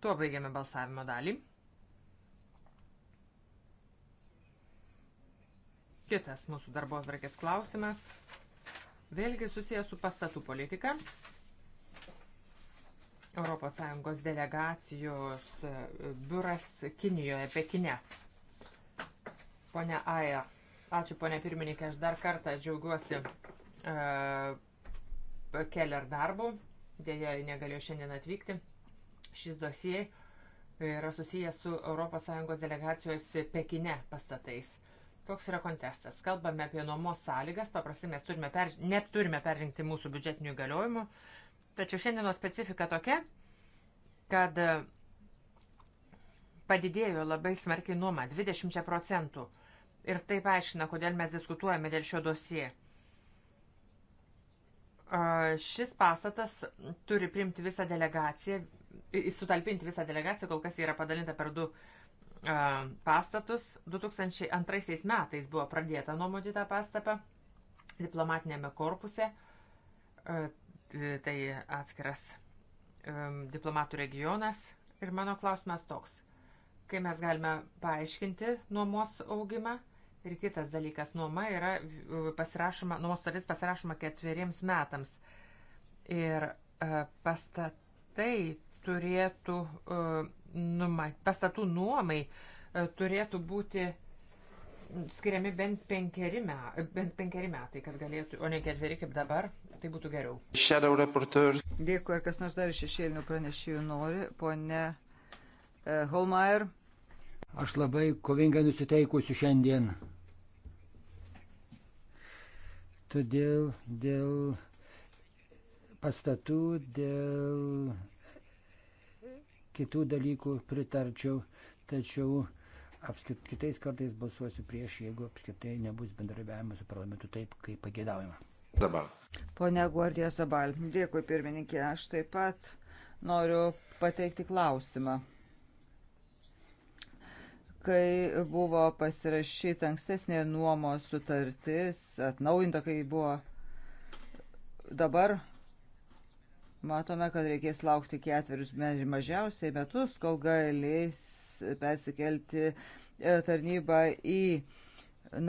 Tuo baigiame balsavimo dalį. Kitas mūsų darbo atvarkės klausimas. Vėlgi susijęs su pastatų politika. ES delegacijos e, biuras Kinijoje, Pekine. Pone Aja, ačiū pone pirmininkė, aš dar kartą džiaugiuosi uh, e, Keller darbu. Dėja, negalėjau šiandien atvykti. Šis dosie yra susijęs su ES delegacijos Pekine pastatais. Toks yra kontestas. Kalbame apie nuomos sąlygas, paprastai mes turime per, neturime peržengti mūsų biudžetinių įgaliojimų. Tačiau šiandieno specifika tokia, kad e, padidėjo labai smarkiai nuoma - 20 procentų. Ir tai paaiškina, kodėl mes diskutuojame dėl šio dosie. Šis pastatas turi primti visą delegaciją sutalpinti visą delegaciją, kol kas yra padalinta per du pastatus. 2002 metais buvo pradėta nuomoti tą pastatą diplomatinėme korpuse. Tai atskiras diplomatų regionas. Ir mano klausimas toks. Kai mes galime paaiškinti nuomos augimą ir kitas dalykas, nuoma yra pasirašoma, nuomos sutartis pasirašoma ketveriems metams. Ir pastatai turėtų, e, numa, pastatų nuomai e, turėtų būti skiriami bent penkeri, me, bent penkeri metai, kad galėtų, o ne ketveri kaip dabar, tai būtų geriau. Shadow reporters. Dėkui, ar kas nors dar iš šešėlinių pranešėjų nori, ponė e, Holmeier. Aš labai kovingai nusiteikusiu šiandien. Todėl dėl pastatų, dėl kitų dalykų pritarčiau, tačiau apskrit, kitais kartais balsuosiu prieš, jeigu apskritai nebus bendradarbiavimo su parlamentu taip, kaip pagėdaujama. Zabal. Pone Guardija Zabal, dėkui pirmininkė, aš taip pat noriu pateikti klausimą kai buvo pasirašyta ankstesnė nuomos sutartis, atnaujinta, kai buvo dabar Matome, kad reikės laukti ketverius mažiausiai metus, kol galės persikelti e, tarnybą į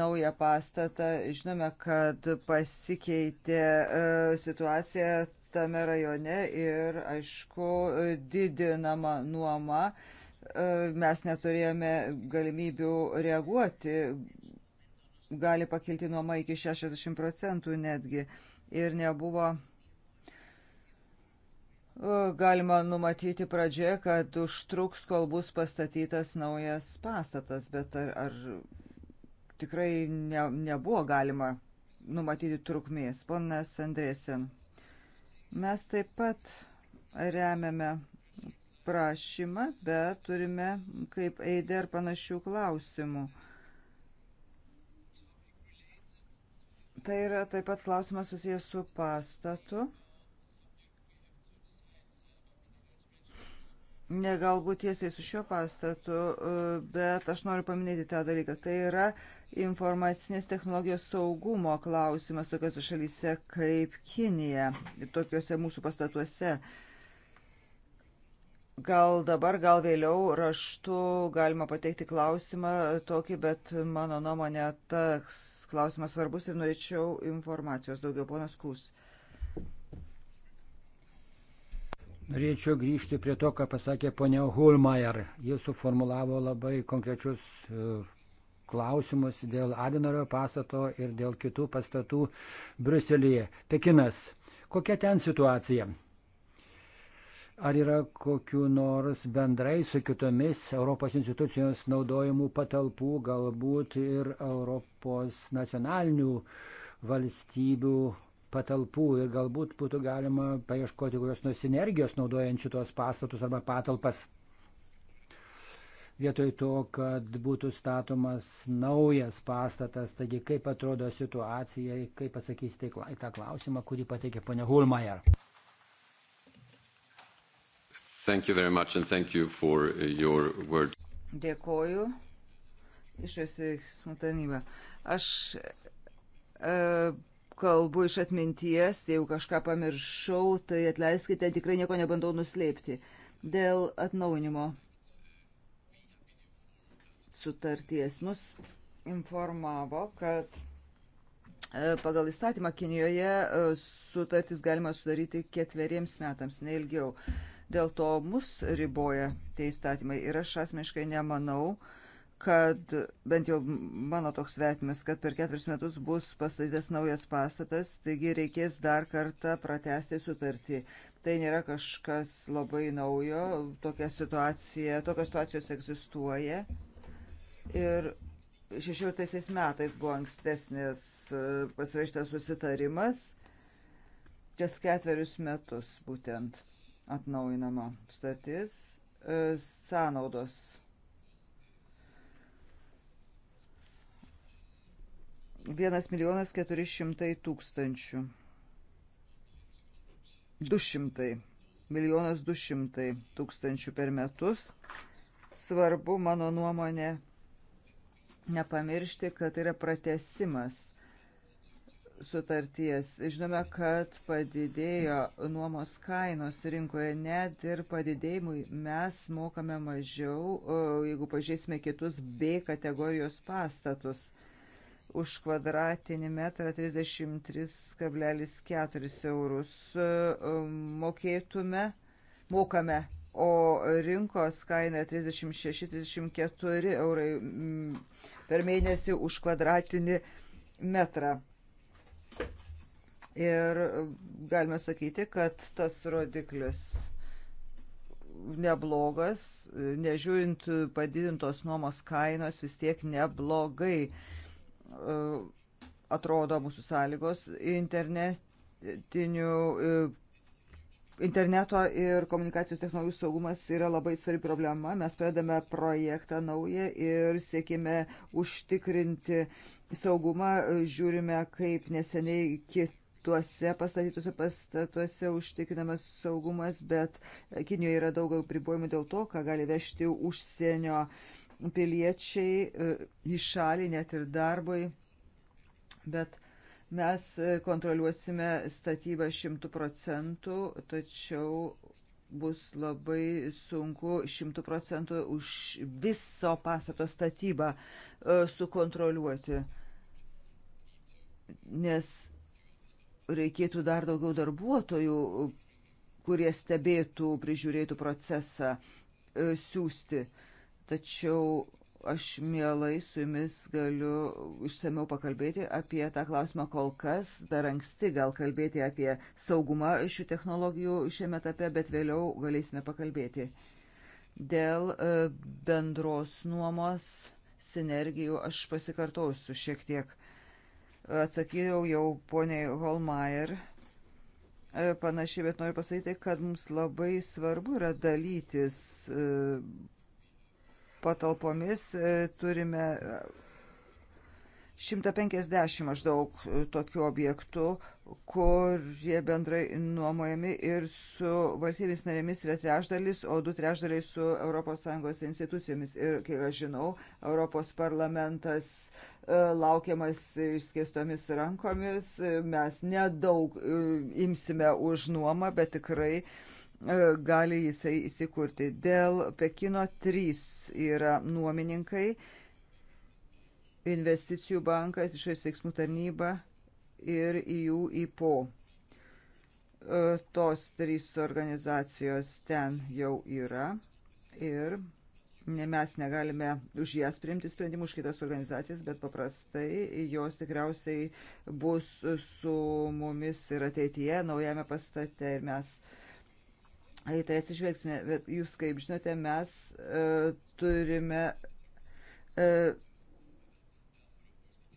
naują pastatą. Žinome, kad pasikeitė e, situacija tame rajone ir, aišku, didinama nuoma. E, mes neturėjome galimybių reaguoti. Gali pakilti nuoma iki 60 procentų netgi. Ir nebuvo Galima numatyti pradžioje, kad užtruks, kol bus pastatytas naujas pastatas, bet ar, ar tikrai ne, nebuvo galima numatyti trukmės. Ponas Andrėsen, mes taip pat remiame prašymą, bet turime kaip eidė ar panašių klausimų. Tai yra taip pat klausimas susijęs su pastatu. ne galbūt tiesiai su šiuo pastatu, e, bet aš noriu paminėti tą dalyką. Tai yra informacinės technologijos saugumo klausimas tokiuose šalyse kaip Kinija, tokiuose mūsų pastatuose. Gal dabar, gal vėliau raštu galima pateikti klausimą tokį, bet mano nuomonė tas klausimas svarbus ir norėčiau informacijos daugiau, ponas Klus. Uh, Norėčiau grįžti prie to, ką pasakė ponia Hulmajer. Jis suformulavo labai konkrečius e, klausimus dėl Adinorio pastato ir dėl kitų pastatų Bruselėje. Pekinas, kokia ten situacija? Ar yra kokiu nors bendrai su kitomis Europos institucijomis naudojimų patalpų, galbūt ir Europos nacionalinių valstybių patalpų ir galbūt būtų galima paieškoti kokios nors sinergijos naudojant šitos pastatus arba patalpas. Vietoj to, kad būtų statomas naujas pastatas, taigi kaip atrodo situacija, kaip atsakysite į tą klausimą, kurį pateikė ponia Hulmajer. Thank you very much and thank you for uh, your word. Dėkoju. Išvės veiksmų tarnyba. Aš e, kalbu iš atminties, jeigu kažką pamiršau, tai atleiskite, tikrai nieko nebandau nuslėpti. Dėl atnaunimo sutarties mus informavo, kad e, pagal įstatymą Kinijoje e, sutartis galima sudaryti ketveriems metams, neilgiau. Dėl to mus riboja tie įstatymai ir aš asmeniškai nemanau, kad kad bent jau mano toks vertimas, kad per ketveris metus bus pastatytas naujas pastatas, taigi reikės dar kartą pratesti sutartį. Tai nėra kažkas labai naujo, tokia situacija, tokios situacijos egzistuoja. Ir 16 metais buvo ankstesnis e, pasirašytas susitarimas, kas ketverius metus būtent atnaujinama sutartis, e, sąnaudos 1 milijonas 400 tūkstančių. 200. Milijonas 200 tūkstančių per metus. Svarbu, mano nuomonė, nepamiršti, kad tai yra pratesimas sutarties. Žinome, kad padidėjo nuomos kainos rinkoje, net ir padidėjimui mes mokame mažiau, jeigu pažiūrėsime kitus B kategorijos pastatus už kvadratinį metrą 33,4 eurus e, mokėtume, mokame, o rinkos kaina 36-34 eurai mm, per mėnesį už kvadratinį metrą. Ir galime sakyti, kad tas rodiklis neblogas, nežiūrint padidintos nuomos kainos, vis tiek neblogai. E, atrodo mūsų sąlygos internetinių. E, interneto ir komunikacijos technologijų saugumas yra labai svarbi problema. Mes pradame projektą naują ir siekime užtikrinti saugumą. Žiūrime, kaip neseniai kiti tuose pastatytuose pastatuose užtikrinamas saugumas, bet Kinijoje yra daug apribojimų dėl to, ką gali vežti užsienio uh, piliečiai e, į šalį net ir darbui, bet mes e, kontroliuosime statybą šimtų procentų, tačiau bus labai sunku šimtų procentų už viso pastato statybą e, sukontroliuoti, nes reikėtų dar daugiau darbuotojų, kurie stebėtų, prižiūrėtų procesą siūsti tačiau aš mielai su jumis galiu išsameu pakalbėti apie tą klausimą kol kas. Per anksti gal kalbėti apie saugumą šių technologijų šiame etape, bet vėliau galėsime pakalbėti. Dėl e, bendros nuomos sinergijų aš pasikartosiu šiek tiek. Atsakiau jau poniai Holmeier e, panašiai, bet noriu pasakyti, kad mums labai svarbu yra dalytis e, patalpomis e, turime 150 e, maždaug e, tokių objektų, kurie bendrai nuomojami ir su valstybės narėmis yra trešdalis, o du trešdaliai su ES institucijomis. Ir, kiek aš žinau, Europos parlamentas laukiamas išskėstomis rankomis. Mes nedaug imsime už nuomą, bet tikrai uh, E, gali jisai įsikurti. Dėl Pekino 3 yra nuomininkai, investicijų bankas, išais veiksmų tarnyba ir į jų įpo. E, tos trys organizacijos ten jau yra ir ne mes negalime už jas priimti sprendimų, už kitas organizacijas, bet paprastai jos tikriausiai bus su mumis ir ateityje naujame pastate ir mes uh, į tai atsižvelgsime, bet jūs, kaip žinote, mes e, turime e,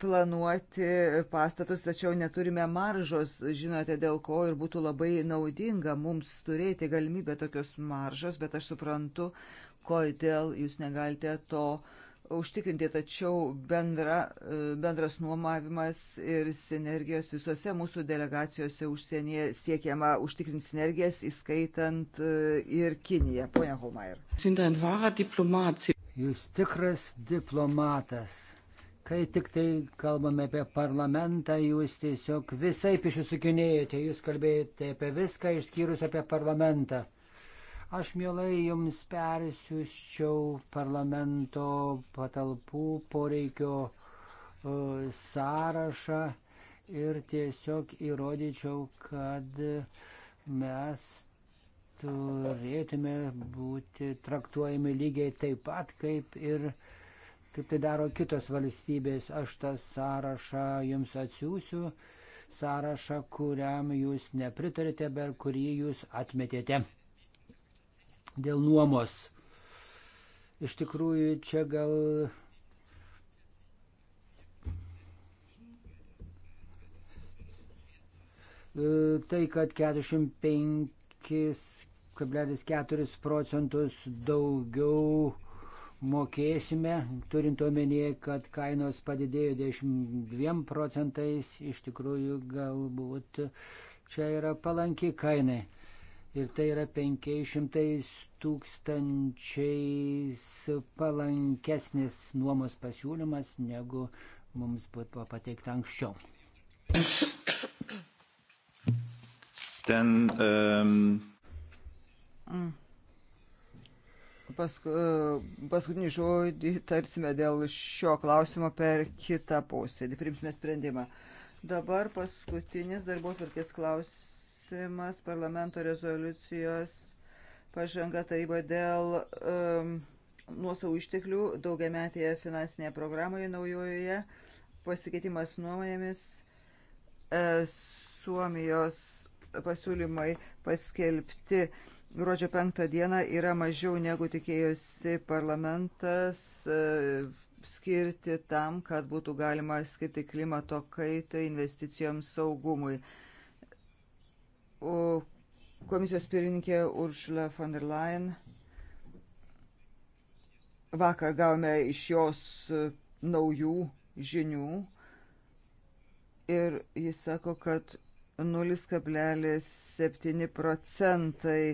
planuoti pastatus, tačiau neturime maržos, žinote, dėl ko ir būtų labai naudinga mums turėti galimybę tokios maržos, bet aš suprantu, kodėl jūs negalite to e, užtikrinti, tačiau bendra, e, bendras nuomavimas ir sinergijos visose mūsų delegacijose užsienyje siekiama užtikrinti sinergijas, įskaitant e, ir Kiniją. Pone Holmair. Jūs tikras diplomatas. Kai tik tai kalbame apie parlamentą, jūs tiesiog visai išsisukinėjate, jūs kalbėjote apie viską išskyrus apie parlamentą. Aš mielai jums persiųsčiau parlamento patalpų poreikio e, sąrašą ir tiesiog įrodyčiau, kad mes turėtume būti traktuojami lygiai taip pat, kaip ir kaip tai daro kitos valstybės. Aš tą sąrašą jums atsiųsiu, sąrašą, kuriam jūs nepritarėte, bet kurį jūs atmetėte dėl nuomos. Iš tikrųjų, čia gal tai, kad 45,4 procentus daugiau mokėsime, turint omenyje, kad kainos padidėjo 22 procentais, iš tikrųjų galbūt čia yra palanki kainai ir tai yra 500 tūkstančiais palankesnis nuomos pasiūlymas, negu mums buvo pateikta anksčiau. Ten. Um... Pasku, e, paskutinį žodį tarsime dėl šio klausimo per kitą posėdį. Primsime sprendimą. Dabar paskutinis darbo tvarkės klausimas klausimas parlamento rezoliucijos pažanga taryboje dėl um, nuosavų išteklių daugiametėje finansinėje programoje naujoje, pasikeitimas nuomonėmis, e, Suomijos pasiūlymai paskelbti gruodžio penktą dieną yra mažiau negu tikėjosi parlamentas. E, skirti tam, kad būtų galima skirti klimato kaitai, investicijoms saugumui. E, komisijos pirmininkė Uršula von der Leyen. Vakar gavome iš jos e, naujų žinių ir jis sako, kad 0,7 procentai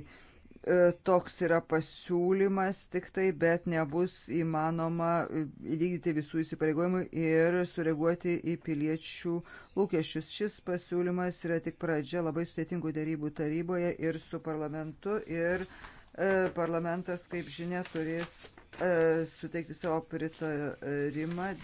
E, toks yra pasiūlymas tik tai, bet nebus įmanoma įvykdyti visų įsipareigojimų ir sureaguoti į piliečių lūkesčius. Šis pasiūlymas yra tik pradžia labai sudėtingų dėrybų taryboje ir su parlamentu ir e, parlamentas, kaip žinia, turės e, suteikti savo pritarimą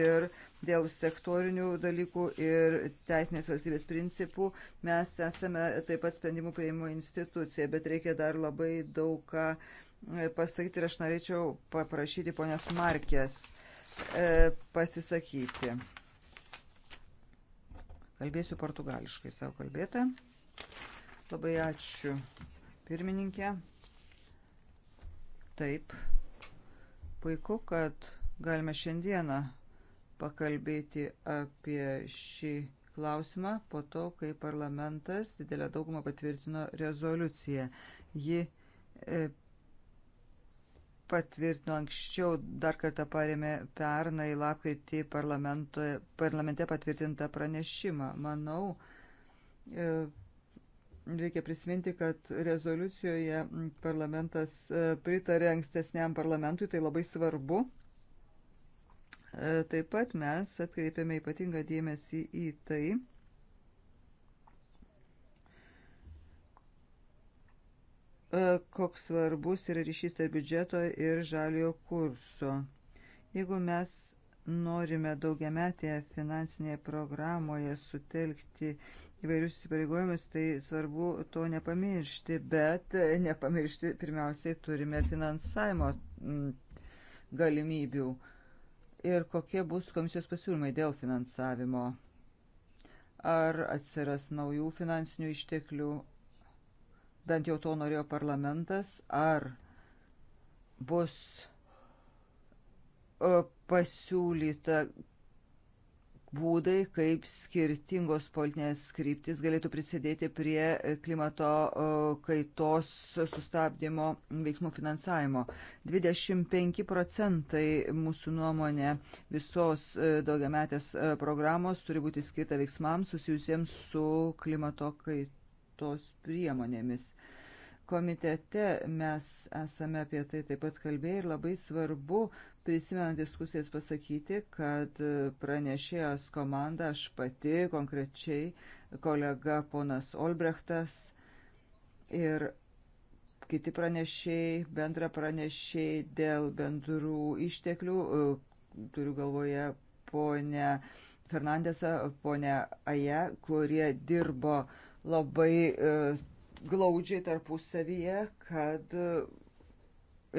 ir dėl sektorinių dalykų ir teisinės valstybės principų. Mes esame taip pat sprendimų prieimimo institucija, bet reikia dar labai daug ką e, pasakyti ir aš norėčiau paprašyti ponios Markės e, pasisakyti. Kalbėsiu portugališkai savo kalbėtą. Labai ačiū pirmininkė. Taip, puiku, kad galime šiandieną pakalbėti apie šį klausimą po to, kai parlamentas didelę daugumą patvirtino rezoliuciją. Ji e, patvirtino anksčiau, dar kartą parėmė pernai lapkaitį parlamente patvirtintą pranešimą. Manau, e, reikia prisiminti, kad rezoliucijoje parlamentas e, pritarė ankstesniam parlamentui, tai labai svarbu E, taip pat mes atkreipiame ypatingą dėmesį į tai, e, koks svarbus yra ryšys tarp biudžeto ir žaliojo kurso. Jeigu mes norime daugiametėje finansinėje programoje sutelkti įvairius įsipareigojimus, tai svarbu to nepamiršti, bet nepamiršti pirmiausiai turime finansavimo galimybių ir kokie bus komisijos pasiūlymai dėl finansavimo. Ar atsiras naujų finansinių išteklių, bent jau to norėjo parlamentas, ar bus e, pasiūlyta būdai, kaip skirtingos politinės kryptis galėtų prisidėti prie e, klimato kaitos sustabdymo veiksmų finansavimo. 25 procentai mūsų nuomonė visos e, daugiametės e, programos turi būti skirta veiksmams susijusiems su klimato kaitos priemonėmis komitete mes esame apie tai taip pat kalbėję ir labai svarbu Prisimenant diskusijas pasakyti, kad pranešėjos komanda, aš pati konkrečiai, kolega ponas Olbrechtas ir kiti pranešėjai, bendra pranešėjai dėl bendrų išteklių, turiu galvoje ponę Fernandesą, ponę Aje, kurie dirbo labai e, glaudžiai tarpusavyje, kad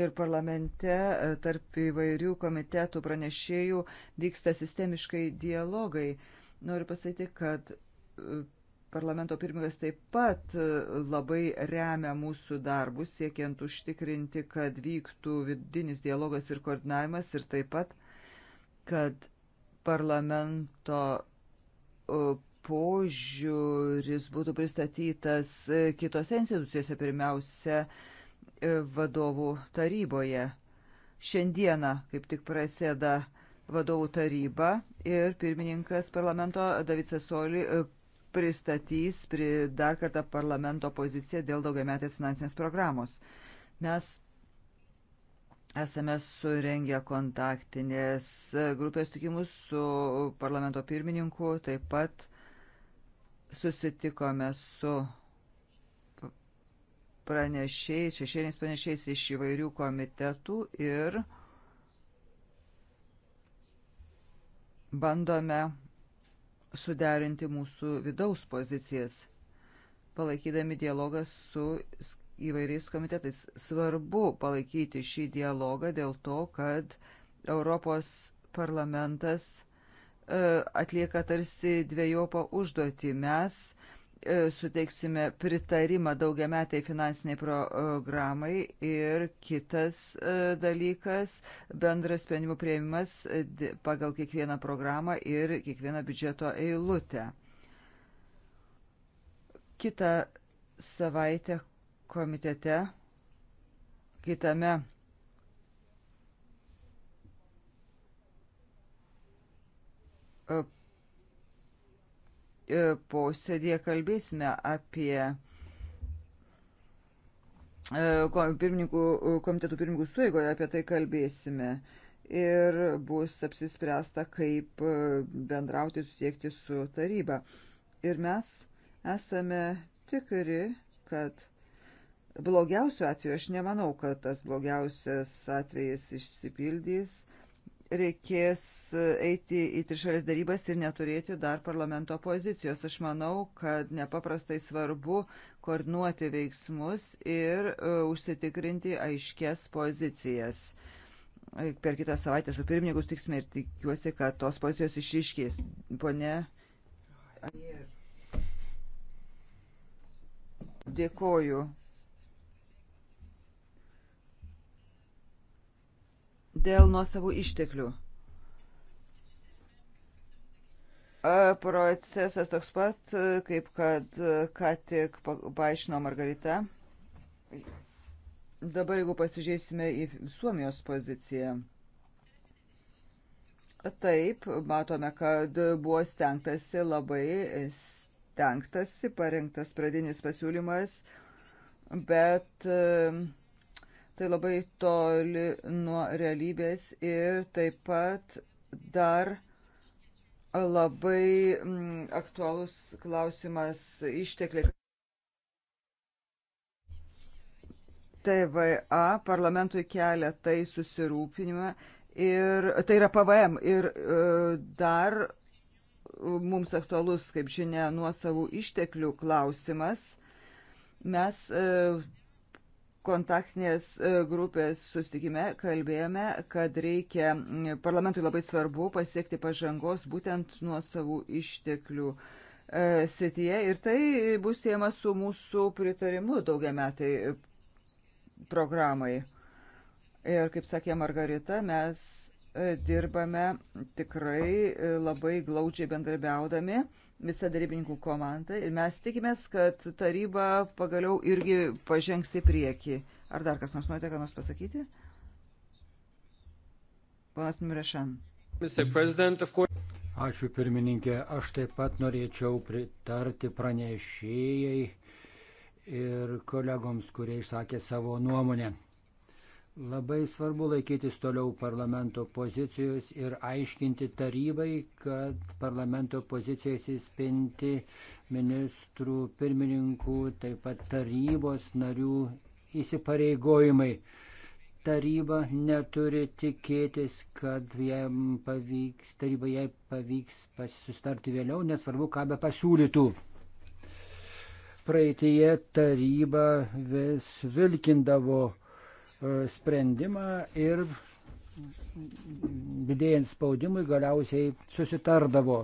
ir parlamente e, tarp įvairių komitetų pranešėjų vyksta sistemiškai dialogai. Noriu pasakyti, kad e, parlamento pirmininkas taip pat e, labai remia mūsų darbus, siekiant užtikrinti, kad vyktų vidinis dialogas ir koordinavimas ir taip pat, kad parlamento požiūris būtų pristatytas kitose institucijose, pirmiausia, E, vadovų taryboje. Šiandieną kaip tik prasėda vadovų taryba ir pirmininkas parlamento David Sasoli e, pristatys pri dar kartą parlamento poziciją dėl daugiametės finansinės programos. Mes esame surengę kontaktinės e, grupės tikimus su parlamento pirmininku, taip pat susitikome su pranešėjais, šešėliais pranešėjais iš įvairių komitetų ir bandome suderinti mūsų vidaus pozicijas, palaikydami dialogą su įvairiais komitetais. Svarbu palaikyti šį dialogą dėl to, kad Europos parlamentas e, atlieka tarsi dviejopą užduotį. Mes E, suteiksime pritarimą daugiametai finansiniai programai ir kitas e, dalykas - bendras sprendimų prieimimas e, pagal kiekvieną programą ir kiekvieną biudžeto eilutę. Kita savaitė komitete, kitame E, posėdėje kalbėsime apie e, pirmininkų, komitetų pirmininkų suėgoje, apie tai kalbėsime. Ir bus apsispręsta, kaip e, bendrauti, susiekti su taryba. Ir mes esame tikri, kad blogiausiu atveju, aš nemanau, kad tas blogiausias atvejis išsipildys, reikės eiti į trišalės darybas ir neturėti dar parlamento pozicijos. Aš manau, kad nepaprastai svarbu koordinuoti veiksmus ir e, užsitikrinti aiškės pozicijas. E, per kitą savaitę su pirmininku tiksime ir tikiuosi, kad tos pozicijos išiškės. Pone. Dėkoju. dėl nuosavų išteklių. Procesas toks pat, e, kaip kad e, ką tik paaiškino Margarita. Dabar jeigu pasižiūrėsime į Suomijos poziciją. Taip, matome, kad buvo stengtasi labai stengtasi, parengtas pradinis pasiūlymas, bet uh, tai labai toli nuo realybės ir taip pat dar labai m, mm, aktualus klausimas ištekliai. TVA parlamentui kelia tai susirūpinimą ir tai yra PVM ir e, dar e, mums aktualus, kaip žinia, nuosavų išteklių klausimas. Mes e, kontaktinės e, grupės susitikime kalbėjome, kad reikia, parlamentui labai svarbu pasiekti pažangos būtent nuo savų išteklių e, srityje ir tai bus siejama su mūsų pritarimu daugiametai programai. Ir kaip sakė Margarita, mes e, dirbame tikrai labai glaudžiai bendrabiaudami visa darybininkų komanda ir mes tikimės, kad taryba pagaliau irgi pažengs į priekį. Ar dar kas nors norite ką nors pasakyti? Ponas Mirešan. Ačiū pirmininkė, aš taip pat norėčiau pritarti pranešėjai ir kolegoms, kurie išsakė savo nuomonę. Labai svarbu laikytis toliau parlamento pozicijos ir aiškinti tarybai, kad parlamento pozicija įsispinti ministrų pirmininkų, taip pat tarybos narių įsipareigojimai. Taryba neturi tikėtis, kad pavyks, taryba jai pavyks pasisustarti vėliau, nesvarbu, ką be pasiūlytų. Praeitie taryba vis vilkindavo E, sprendimą ir didėjant spaudimui galiausiai susitardavo.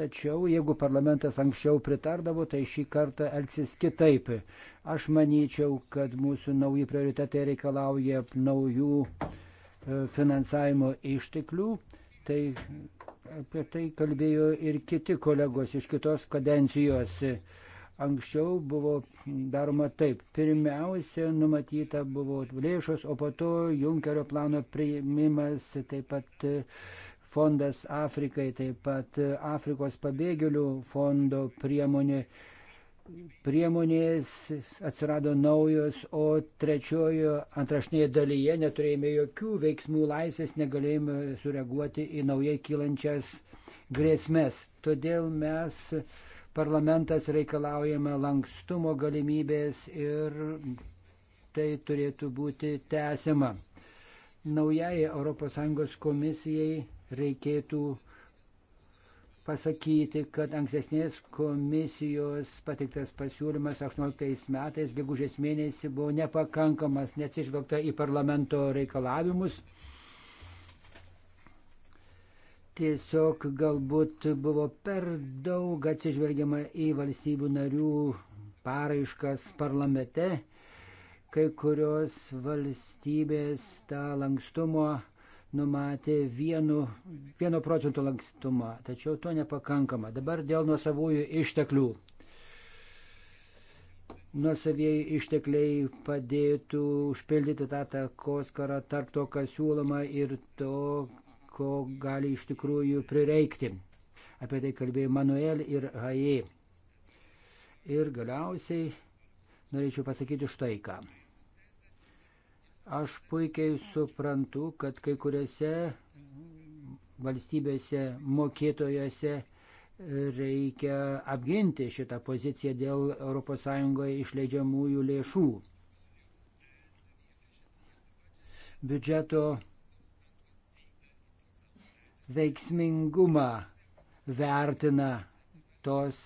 Tačiau jeigu parlamentas anksčiau pritardavo, tai šį kartą elgsis kitaip. Aš manyčiau, kad mūsų nauji prioritetai reikalauja naujų e, finansavimo išteklių. Tai apie tai kalbėjo ir kiti kolegos iš kitos kadencijos. Anksčiau buvo daroma taip. Pirmiausia, numatyta buvo lėšos, o po to Junkerio plano priimimas, taip pat e, fondas Afrikai, taip pat e, Afrikos pabėgėlių fondo priemonė priemonės atsirado naujos, o trečiojo antrašinėje dalyje neturėjome jokių veiksmų laisvės, negalėjome sureaguoti į naujai kylančias grėsmės. Todėl mes parlamentas reikalaujama lankstumo galimybės ir tai turėtų būti tęsiama. Naujai ES komisijai reikėtų pasakyti, kad ankstesnės komisijos pateiktas pasiūlymas 18 metais, gegužės mėnesį, buvo nepakankamas, neatsižvelgta į parlamento reikalavimus. Tiesiog galbūt buvo per daug atsižvelgiama į valstybių narių paraiškas parlamente. Kai kurios valstybės tą lankstumą numatė vienu, vieno procentų lankstumą, tačiau to nepakankama. Dabar dėl nuosavųjų išteklių. Nuosavieji ištekliai padėtų užpildyti tą takoskarą tarp to, kas siūloma ir to, ko gali iš tikrųjų prireikti. Apie tai kalbėjo Manuel ir Haji. Ir galiausiai norėčiau pasakyti štai ką. Aš puikiai suprantu, kad kai kuriuose valstybėse mokėtojose reikia apginti šitą poziciją dėl ES išleidžiamųjų lėšų. Biudžeto veiksmingumą vertina tos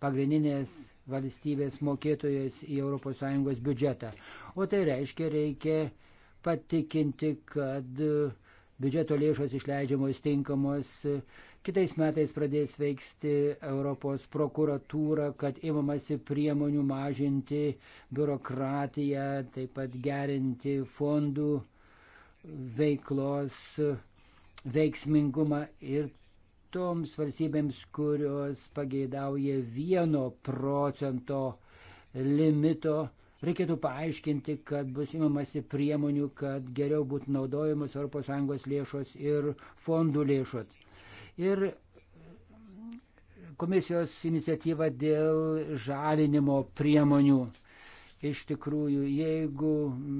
pagrindinės valstybės mokėtojas į ES biudžetą. O tai reiškia, reikia patikinti, kad biudžeto lėšos išleidžiamos tinkamos. Kitais metais pradės veiksti Europos prokuratūra, kad imamasi priemonių mažinti biurokratiją, taip pat gerinti fondų veiklos veiksmingumą ir toms valstybėms, kurios pageidauja vieno procento limito, reikėtų paaiškinti, kad bus imamasi priemonių, kad geriau būtų naudojamos ES lėšos ir fondų lėšos. Ir komisijos iniciatyva dėl žalinimo priemonių. Iš tikrųjų, jeigu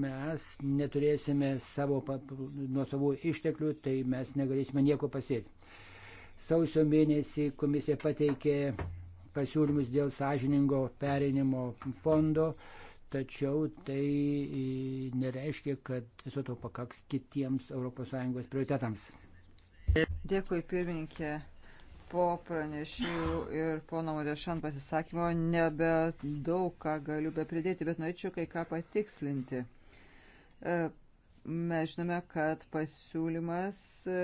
mes neturėsime savo nuo savų išteklių, tai mes negalėsime nieko pasėti. Sausio mėnesį komisija pateikė pasiūlymus dėl sąžiningo perinimo fondo, tačiau tai e, nereiškia, kad viso to pakaks kitiems ES prioritetams. Dėkui pirmininkė po pranešėjų ir pono Morešan pasisakymo nebe daug ką galiu be pridėti, bet norėčiau kai ką patikslinti. E, mes žinome, kad pasiūlymas e,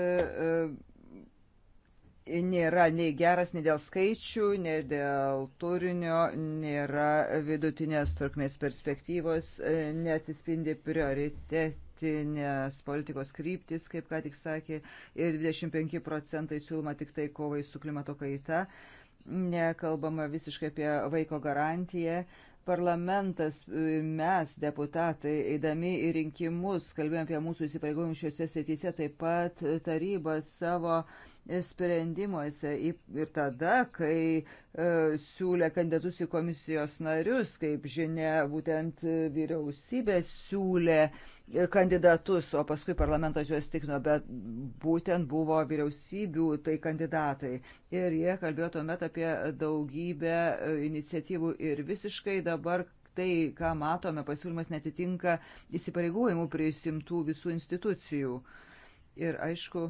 e, nėra nei geras, nei dėl skaičių, nei dėl turinio, nėra vidutinės trukmės perspektyvos, neatsispindi prioritet dabartinės politikos kryptis, kaip ką tik sakė, ir 25 procentai siūloma tik tai kovai su klimato kaita. Nekalbama visiškai apie vaiko garantiją. Parlamentas, mes, deputatai, eidami į rinkimus, kalbėjom apie mūsų įsipareigojimus šiuose srityse, taip pat taryba savo sprendimuose ir tada, kai e, siūlė kandidatus į komisijos narius, kaip žinia, būtent vyriausybė siūlė kandidatus, o paskui parlamentas juos tikino, bet būtent buvo vyriausybių tai kandidatai. Ir jie kalbėjo tuomet apie daugybę e, iniciatyvų ir visiškai dabar tai, ką matome, pasiūlymas netitinka įsipareigojimų prisimtų visų institucijų. Ir aišku,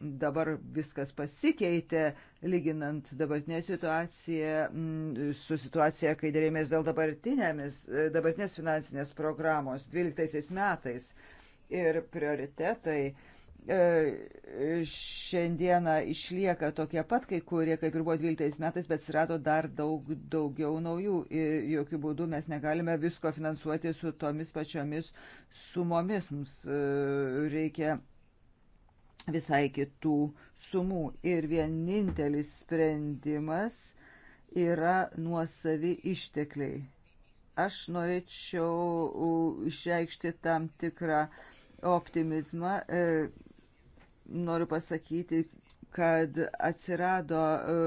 dabar viskas pasikeitė, lyginant dabartinę situaciją mm, su situacija, kai dėrėmės dėl e, dabartinės finansinės programos 12 metais. Ir prioritetai e, šiandieną išlieka tokie pat, kai kurie, kaip ir buvo 12 metais, bet atsirado dar daug daugiau naujų. Ir jokių būdų mes negalime visko finansuoti su tomis pačiomis sumomis. Mums e, reikia visai kitų sumų. Ir vienintelis sprendimas yra nuosavi ištekliai. Aš norėčiau išreikšti tam tikrą optimizmą. E, noriu pasakyti, kad atsirado e,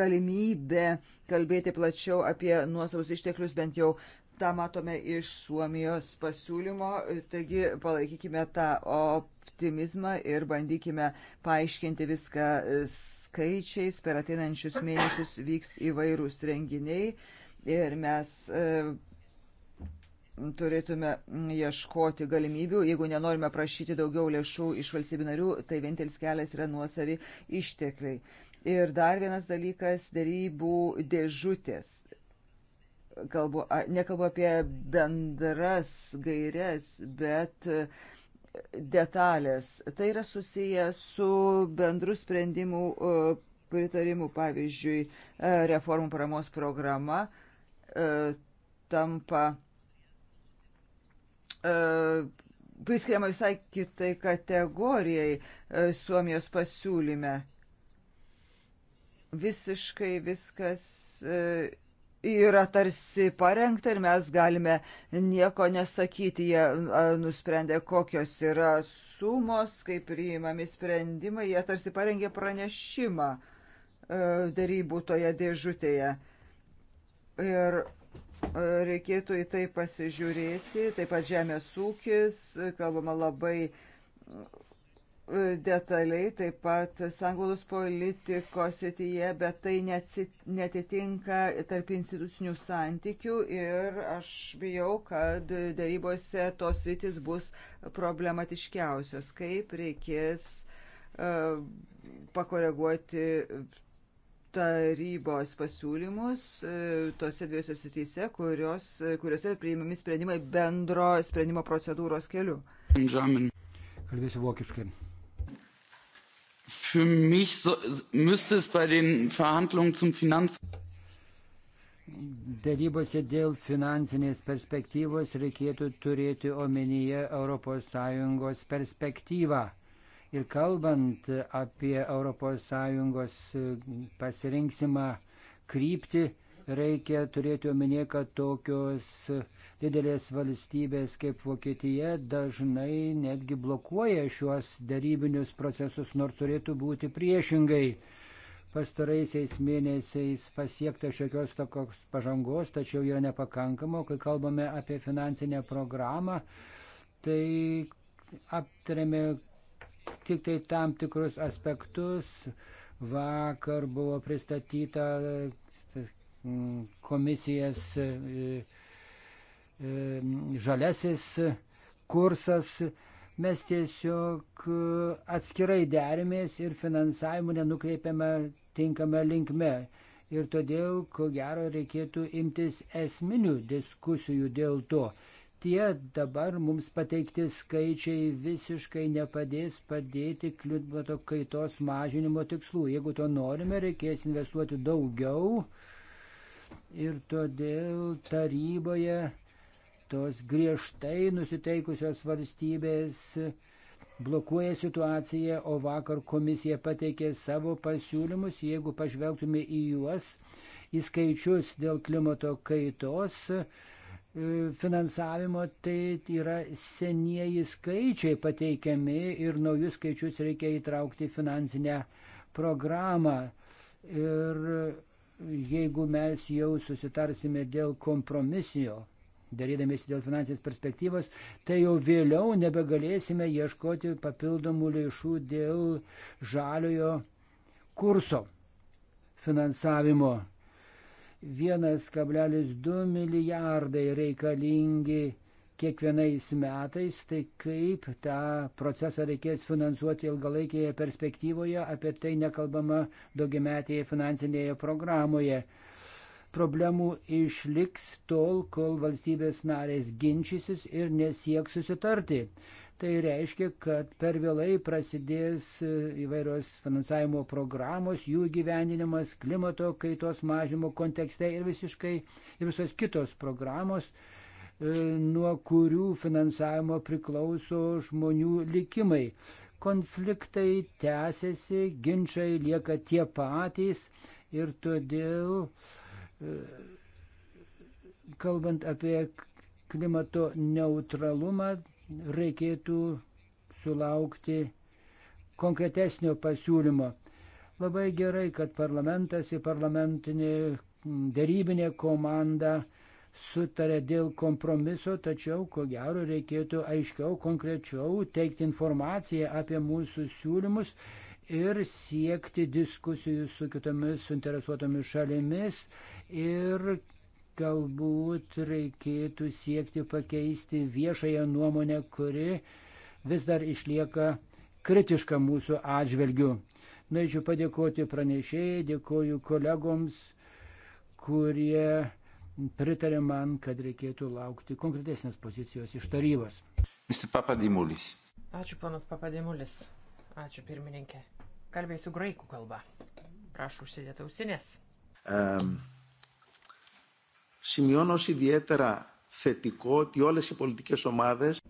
galimybė kalbėti plačiau apie nuosavus išteklius, bent jau tą matome iš Suomijos pasiūlymo, taigi palaikykime tą optimizmą optimizmą ir bandykime paaiškinti viską e, skaičiais. Per ateinančius mėnesius vyks įvairūs renginiai ir mes e, turėtume ieškoti galimybių, jeigu nenorime prašyti daugiau lėšų iš valstybių narių, tai vienintelis kelias yra nuosavi ištekliai. Ir dar vienas dalykas - darybų dėžutės. Kalbu, nekalbu apie bendras gairias, bet uh, detalės. Tai yra susiję su bendrų sprendimų e, pritarimu, pavyzdžiui, e, reformų paramos programa e, tampa priskiriama visai kitai kategorijai Suomijos pasiūlyme. Visiškai viskas yra tarsi parengta ir mes galime nieko nesakyti. Jie nusprendė, kokios yra sumos, kaip priimami sprendimai, jie tarsi parengė pranešimą e, darybų toje dėžutėje. Ir e, reikėtų į tai pasižiūrėti, taip pat žemės ūkis, kalbama labai detaliai, taip pat sanglaudos politikos srityje, bet tai netitinka tarp institucinių santykių ir aš bijau, kad darybose tos sritis bus problematiškiausios, kaip reikės uh, pakoreguoti tarybos pasiūlymus e, tose dviejose srityse, kurios, kuriuose priimami sprendimai bendro sprendimo procedūros keliu. Kalbėsiu vokiškai für mich so, müsste es bei den Verhandlungen zum Finanz. Darybose dėl finansinės perspektyvos reikėtų turėti omenyje ES perspektyvą. Ir kalbant apie ES e, pasirinksimą kryptį, reikia turėti omenyje, kad tokios didelės valstybės kaip Vokietija dažnai netgi blokuoja šiuos darybinius procesus, nors turėtų būti priešingai. Pastaraisiais mėnesiais pasiekta šiokios tokios pažangos, tačiau yra nepakankama, kai kalbame apie finansinę programą, tai aptarėme tik tai tam tikrus aspektus. Vakar buvo pristatyta Mm, komisijas e, e, mm, žalesis kursas. Mes tiesiog e, atskirai derimės ir finansavimų nenukreipiame tinkamą linkme. Ir todėl, ko gero, reikėtų imtis esminių diskusijų dėl to. Tie dabar mums pateikti skaičiai visiškai nepadės padėti klimato kaitos mažinimo tikslų. Jeigu to norime, reikės investuoti daugiau uh, ir todėl taryboje tos griežtai nusiteikusios valstybės blokuoja situaciją, o vakar komisija pateikė savo pasiūlymus, jeigu pažvelgtume į juos, į skaičius dėl klimato kaitos e, finansavimo, tai yra senieji skaičiai pateikiami ir naujus skaičius reikia įtraukti į finansinę programą. Ir jeigu mes jau susitarsime dėl kompromisinio, darydamėsi dėl finansinės perspektyvos, tai jau vėliau nebegalėsime ieškoti papildomų lėšų dėl žaliojo kurso finansavimo. 1,2 milijardai reikalingi kiekvienais metais, tai kaip tą procesą reikės finansuoti ilgalaikėje perspektyvoje, apie tai nekalbama daugiametėje finansinėje programoje. Problemų išliks tol, kol valstybės narės ginčysis ir nesieks susitarti. Tai reiškia, kad per vėlai prasidės e, įvairios finansavimo programos, jų gyveninimas klimato kaitos mažimo kontekste ir visiškai ir visos kitos programos, uh, E, nuo kurių finansavimo priklauso žmonių likimai. Konfliktai tęsiasi, ginčiai lieka tie patys ir todėl, e, kalbant apie klimato neutralumą, reikėtų sulaukti konkretesnio pasiūlymo. Labai gerai, kad parlamentas į parlamentinį dėrybinę komandą sutarė dėl kompromiso, tačiau ko gero reikėtų aiškiau, konkrečiau teikti informaciją apie mūsų siūlymus ir siekti diskusijų su kitomis suinteresuotomis šalimis ir galbūt reikėtų siekti pakeisti viešąją nuomonę, kuri vis dar išlieka kritiška mūsų atžvilgiu. Norėčiau padėkoti pranešėjai, dėkoju kolegoms, kurie pritarė man, kad reikėtų laukti konkretesnės pozicijos iš tarybos. Visi papadimulis. Ačiū, ponas papadimulis. Ačiū, pirmininkė. Kalbėsiu graikų kalbą. Prašau užsidėti ausinės. Um, σημειώνω ιδιαίτερα θετικό ότι όλες οι πολιτικές ομάδες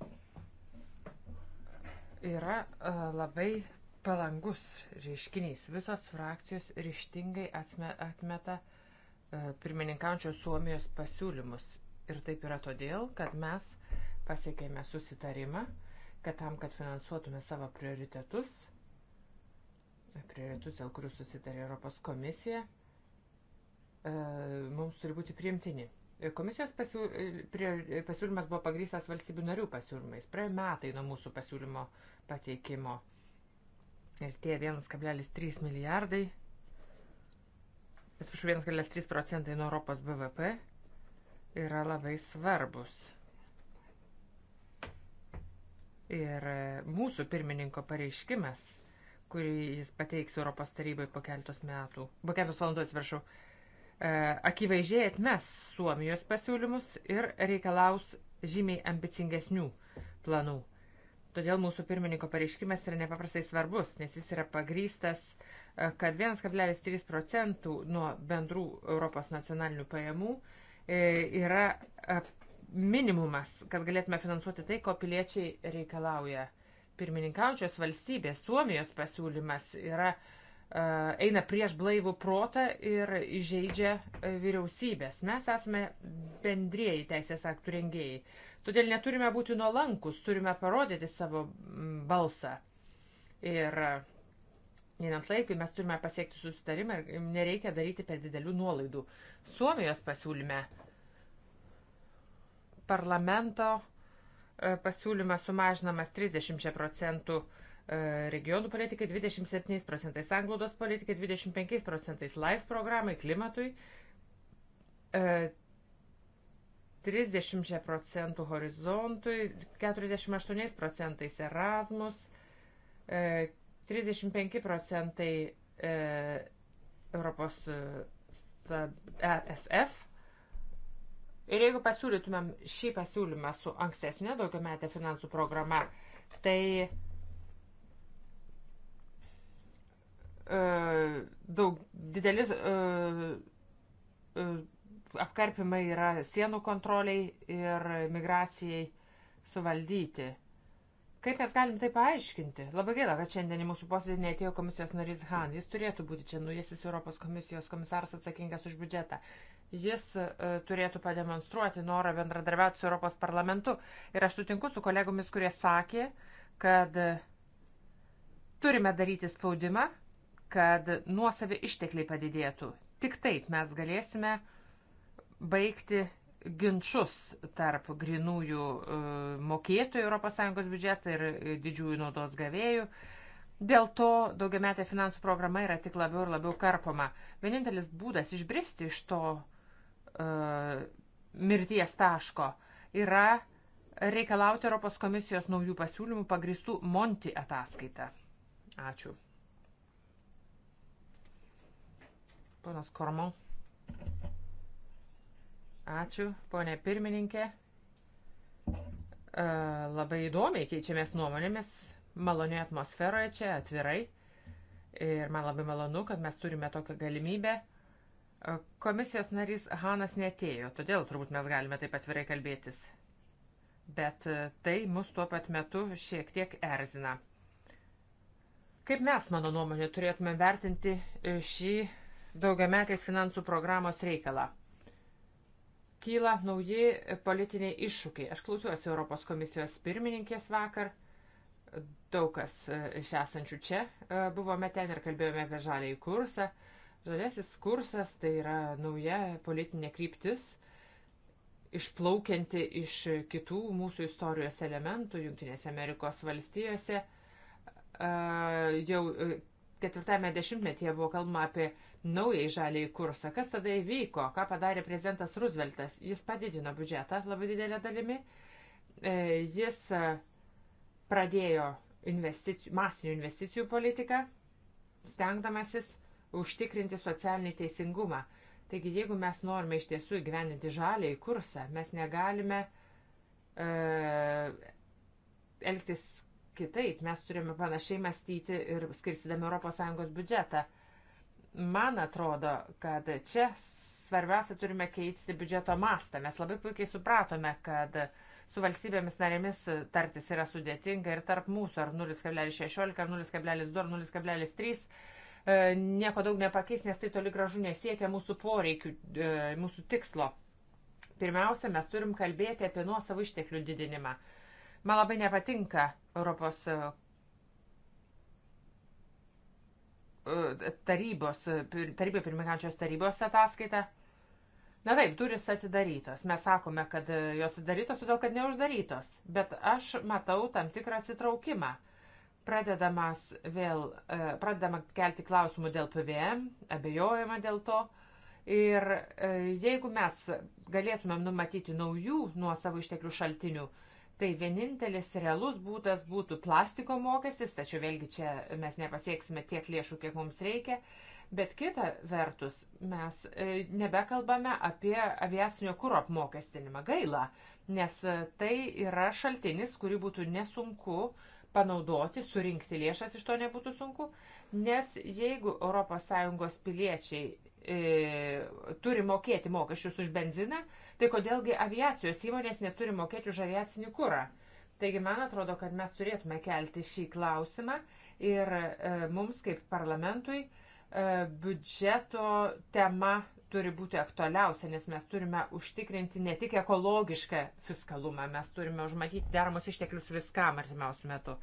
yra labai palangus reiškinys. Visos frakcijos ryštingai atmeta uh, E, pirmininkančios Suomijos pasiūlymus. Ir taip yra todėl, kad mes pasiekėme susitarimą, kad tam, kad finansuotume savo prioritetus, prioritetus, dėl kurių susitarė Europos komisija, e, mums turi būti priimtini. E, komisijos pasiūlymas buvo pagrystas valstybių narių pasiūlymais. Praėjo metai nuo mūsų pasiūlymo pateikimo. Ir tie 1,3 milijardai atsiprašau, 1,3 procentai nuo Europos BVP yra labai svarbus. Ir e, mūsų pirmininko pareiškimas, kurį jis pateiks Europos tarybai po keletos metų, po keletos valandų atsiprašau, e, akivaizdžiai atmes Suomijos pasiūlymus ir reikalaus žymiai ambicingesnių planų. Todėl mūsų pirmininko pareiškimas yra nepaprastai svarbus, nes jis yra pagrystas kad 1,3 procentų nuo bendrų Europos nacionalinių pajamų e, yra e, minimumas, kad galėtume finansuoti tai, ko piliečiai reikalauja. Pirmininkaučios valstybės, Suomijos pasiūlymas yra, e, eina prieš blaivų protą ir įžeidžia vyriausybės. Mes esame bendrieji teisės aktų rengėjai. Todėl neturime būti nuolankus, turime parodyti savo balsą. Ir uh, Einant laikui mes turime pasiekti susitarimą ir nereikia daryti per didelių nuolaidų. Suomijos pasiūlyme parlamento e, pasiūlymas sumažinamas 30 procentų e, regionų politikai 27 procentais, anglodos politikai 25 procentais, LIFE programai, klimatui 30 e, procentų horizontui, 48 procentais Erasmus, 35 procentai e, Europos ESF. E, ir jeigu pasiūlytumėm šį pasiūlymą su ankstesnė daugiametė finansų programa, tai e, daug didelis e, apkarpimai yra sienų kontroliai ir migracijai suvaldyti. Kaip mes galim tai paaiškinti? Labai gaila, kad šiandien į mūsų posėdį neatėjo komisijos narys Han. Jis turėtų būti čia nuėsis Europos komisijos komisaras atsakingas už biudžetą. Jis e, turėtų pademonstruoti norą bendradarbiauti su Europos parlamentu. Ir aš sutinku su kolegomis, kurie sakė, kad e, turime daryti spaudimą, kad nuosavi ištekliai padidėtų. Tik taip mes galėsime baigti ginčius tarp grinųjų e, mokėtojų ES biudžetą ir didžiųjų naudos gavėjų. Dėl to daugiametė finansų programa yra tik labiau ir labiau karpoma. Vienintelis būdas išbristi iš to uh, mirties taško yra reikalauti Europos komisijos naujų pasiūlymų pagristų Monti ataskaitą. Ačiū. Ponas Kormon. Ačiū, ponė pirmininkė. E, labai įdomiai keičiamės nuomonėmis, malonioje atmosferoje čia, atvirai. Ir man labai malonu, kad mes turime tokią galimybę. E, komisijos narys Hanas netėjo, todėl turbūt mes galime taip atvirai kalbėtis. Bet e, tai mus tuo pat metu šiek tiek erzina. Kaip mes, mano nuomonė, turėtume vertinti šį daugiametės finansų programos reikalą? kyla nauji politiniai iššūkiai. Aš klausiuosi Europos komisijos pirmininkės vakar. Daug kas e, iš esančių čia e, buvome ten ir kalbėjome apie žalėjį kursą. Žalėsis kursas tai yra nauja politinė kryptis, išplaukianti iš kitų mūsų istorijos elementų Junktinėse Amerikos valstijose. E, jau ketvirtame dešimtmetyje buvo kalbama apie naujai žaliai kursą. Kas tada įvyko? Ką padarė prezidentas Rooseveltas? Jis padidino biudžetą labai didelę dalimi. E, jis e, pradėjo investicijų, masinių investicijų politiką, stengdamasis užtikrinti socialinį teisingumą. Taigi, jeigu mes norime iš tiesų įgyveninti žaliai kursą, mes negalime e, elgtis kitaip, mes turime panašiai mąstyti ir skirstydami ES biudžetą. Man atrodo, kad čia svarbiausia turime keisti biudžeto mastą. Mes labai puikiai supratome, kad su valstybėmis narėmis tartis yra sudėtinga ir tarp mūsų ar 0,16, ar 0,2, ar 0,3 e, nieko daug nepakeis, nes tai toli gražu nesiekia mūsų poreikių, e, mūsų tikslo. Pirmiausia, mes turim kalbėti apie nuosavų išteklių didinimą. Man labai nepatinka Europos E, tarybos, e, tarybai pirmininkančios tarybos ataskaita. Na taip, durys atidarytos. Mes sakome, kad e, jos atidarytos, todėl kad neuždarytos. Bet aš matau tam tikrą atsitraukimą. Pradedamas vėl, pradedama kelti klausimų dėl PVM, abejojama dėl to. Ir jeigu mes galėtumėm numatyti naujų nuo savo išteklių šaltinių, tai vienintelis realus būdas būtų plastiko mokestis, tačiau vėlgi čia mes nepasieksime tiek lėšų, kiek mums reikia. Bet kita vertus, mes e, nebekalbame apie aviacinio kūro apmokestinimą. Gaila, nes e, tai yra šaltinis, kurį būtų nesunku panaudoti, surinkti lėšas iš to nebūtų sunku, nes jeigu ES piliečiai E, turi mokėti mokesčius už benziną, tai kodėlgi aviacijos įmonės neturi mokėti už aviacinį kurą. Taigi, man atrodo, kad mes turėtume kelti šį klausimą ir e, mums kaip parlamentui e, biudžeto tema turi būti aktualiausia, nes mes turime užtikrinti ne tik ekologišką fiskalumą, mes turime užmatyti deramos išteklius viskam artimiausių metų.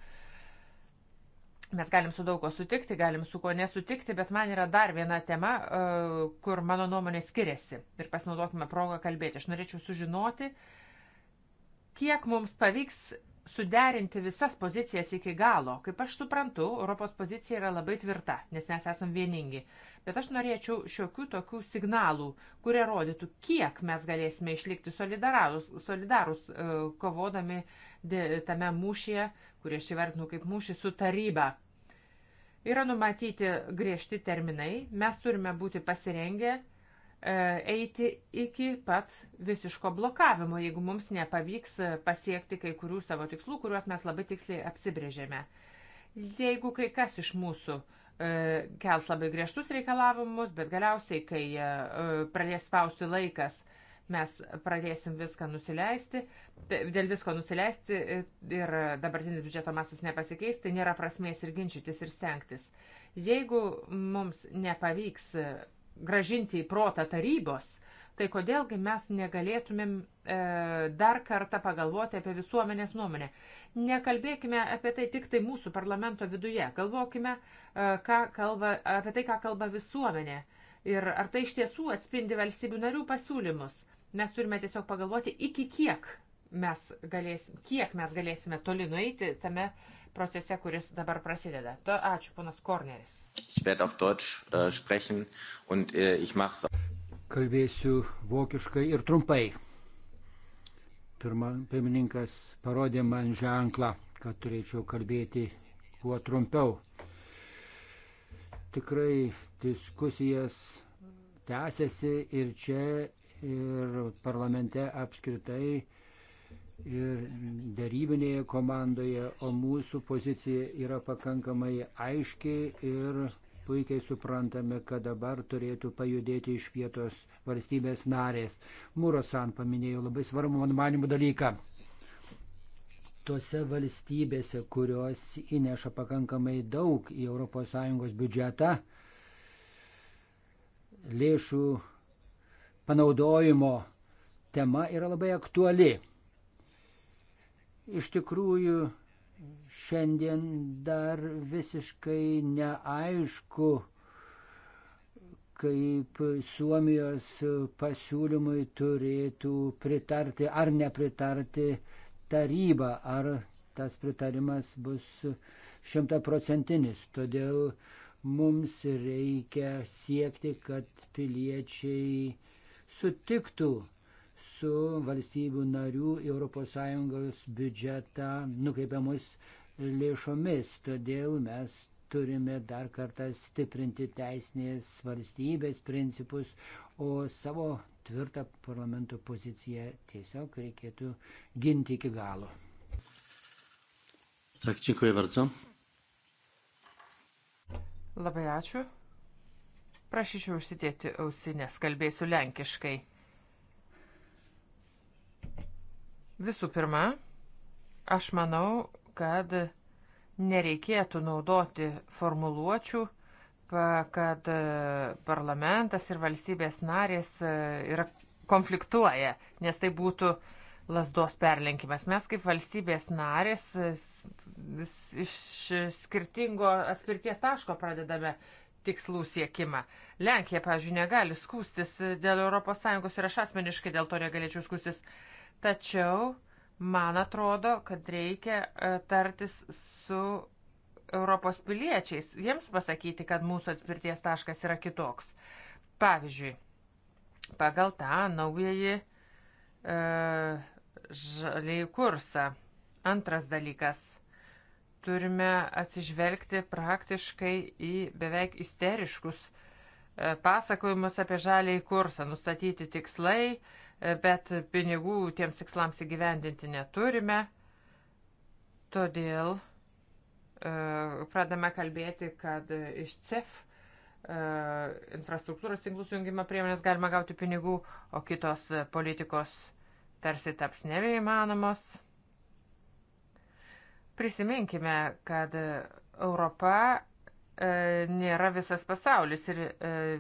Mes galim su daug ko sutikti, galim su ko nesutikti, bet man yra dar viena tema, e, kur mano nuomonė skiriasi. Ir pasinaudokime progą kalbėti. Aš norėčiau sužinoti, kiek mums pavyks suderinti visas pozicijas iki galo. Kaip aš suprantu, Europos pozicija yra labai tvirta, nes mes esam vieningi. Bet aš norėčiau šiokių tokių signalų, kurie rodytų, kiek mes galėsime išlikti solidarus, solidarus e, kovodami tame mūšyje, kurį aš įvertinu kaip mūšį su taryba. Yra numatyti griežti terminai, mes turime būti pasirengę E, eiti iki pat visiško blokavimo, jeigu mums nepavyks e, pasiekti kai kurių savo tikslų, kuriuos mes labai tiksliai apsibrėžėme. Jeigu kai kas iš mūsų e, kels labai griežtus reikalavimus, bet galiausiai, kai pradės spausti laikas, mes pradėsim viską nusileisti, dėl visko nusileisti ir dabartinis biudžeto masas nepasikeis, tai nėra prasmės ir ginčytis ir stengtis. Jeigu mums nepavyks gražinti į protą tarybos, tai kodėlgi mes negalėtumėm e, dar kartą pagalvoti apie visuomenės nuomonę. Nekalbėkime apie tai tik tai mūsų parlamento viduje, galvokime e, kalba, apie tai, ką kalba visuomenė ir ar tai iš tiesų atspindi valstybių narių pasiūlymus. Mes turime tiesiog pagalvoti, iki kiek mes galėsim, kiek mes galėsime toli nueiti tame procese, kuris dabar prasideda. To, ačiū, ponas Korneris. Äh, äh, Kalbėsiu vokiškai ir trumpai. Pirma, pirmininkas parodė man ženklą, kad turėčiau kalbėti kuo trumpiau. Tikrai diskusijas tęsiasi ir čia, ir parlamente apskritai ir darybinėje komandoje, o mūsų pozicija yra pakankamai aiški ir puikiai suprantame, kad dabar turėtų pajudėti iš vietos valstybės narės. Murosan paminėjo labai svarbų, man manimų, dalyką. Tose valstybėse, kurios įneša pakankamai daug į ES biudžetą, lėšų panaudojimo tema yra labai aktuali. Iš tikrųjų, šiandien dar visiškai neaišku, kaip Suomijos pasiūlymui turėtų pritarti ar nepritarti taryba, ar tas pritarimas bus šimtaprocentinis. Todėl mums reikia siekti, kad piliečiai sutiktų su valstybių narių ES biudžetą nukreipiamus lėšomis. Todėl mes turime dar kartą stiprinti teisinės valstybės principus, o savo tvirtą parlamento poziciją tiesiog reikėtų ginti iki galo. Tak, dziękuję bardzo. Labai ačiū. Prašyčiau užsidėti ausinės, kalbėsiu lenkiškai. Visų pirma, aš manau, kad nereikėtų naudoti formuluočių, kad e, parlamentas ir valstybės narės e, yra konfliktuoja, nes tai būtų lasdos perlenkimas. Mes kaip valstybės narės e, iš skirtingo atspirties taško pradedame tikslų siekimą. Lenkija, pavyzdžiui, negali skūstis dėl ES ir aš asmeniškai dėl to negalėčiau skūstis Tačiau man atrodo, kad reikia e, tartis su Europos piliečiais, jiems pasakyti, kad mūsų atspirties taškas yra kitoks. Pavyzdžiui, pagal tą naująjį e, žaliai kursą. Antras dalykas. Turime atsižvelgti praktiškai į beveik isteriškus e, pasakojimus apie žaliai kursą, nustatyti tikslai, e, bet pinigų tiems tikslams įgyvendinti neturime. Todėl e, pradame kalbėti, kad iš CEF e, infrastruktūros tinklų sujungimo priemonės galima gauti pinigų, o kitos politikos tarsi taps nebeįmanomos. Prisiminkime, kad Europa E, nėra visas pasaulis ir e,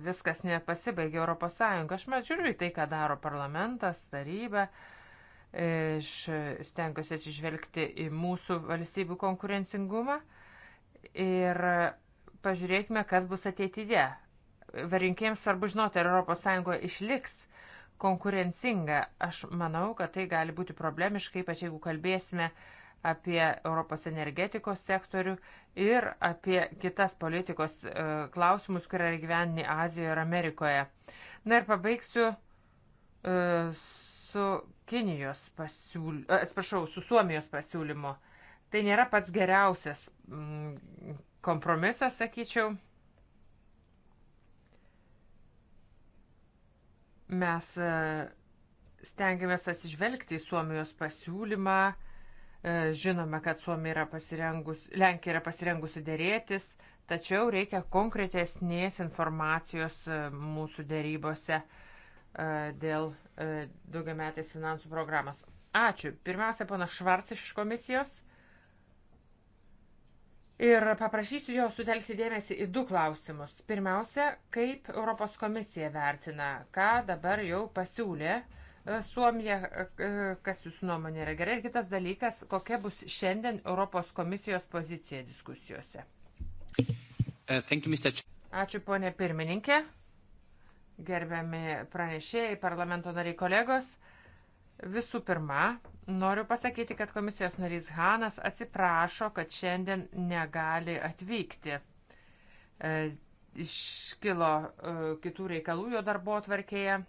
viskas nepasibaigia Europos Sąjunga. Aš man žiūriu į tai, ką daro parlamentas, taryba. E, aš stengiuosi atsižvelgti į mūsų valstybių konkurencingumą ir pažiūrėkime, kas bus ateityje. Varinkėjams svarbu žinoti, ar ES išliks konkurencinga. Aš manau, kad tai gali būti problemiškai, ypač jeigu kalbėsime uh, apie Europos energetikos sektorių ir apie kitas politikos e, klausimus, kurie yra gyvenni Azijoje ir Amerikoje. Na ir pabaigsiu e, su Kinijos pasiūlymu, e, atsiprašau, su Suomijos pasiūlymu. Tai nėra pats geriausias mm, kompromisas, sakyčiau. Mes stengiamės atsižvelgti į Suomijos pasiūlymą, E, žinome, kad Suomija yra pasirengus, Lenkija yra pasirengusi dėrėtis, tačiau reikia konkretesnės informacijos e, mūsų dėrybose e, dėl daugiametės finansų programos. Ačiū. Pirmiausia, pana Švarcis iš komisijos. Ir paprašysiu jo sutelkti dėmesį į du klausimus. Pirmiausia, kaip Europos komisija vertina, ką dabar jau pasiūlė uh, Suomija, e, kas jūsų nuomonė yra gerai. Ir kitas dalykas, kokia bus šiandien Europos komisijos pozicija diskusijose. Uh, Ačiū, ponė pirmininkė. Gerbiami pranešėjai, parlamento nariai kolegos. Visų pirma, noriu pasakyti, kad komisijos narys Hanas atsiprašo, kad šiandien negali atvykti. E, iškilo e, kitų reikalų jo darbo atvarkėje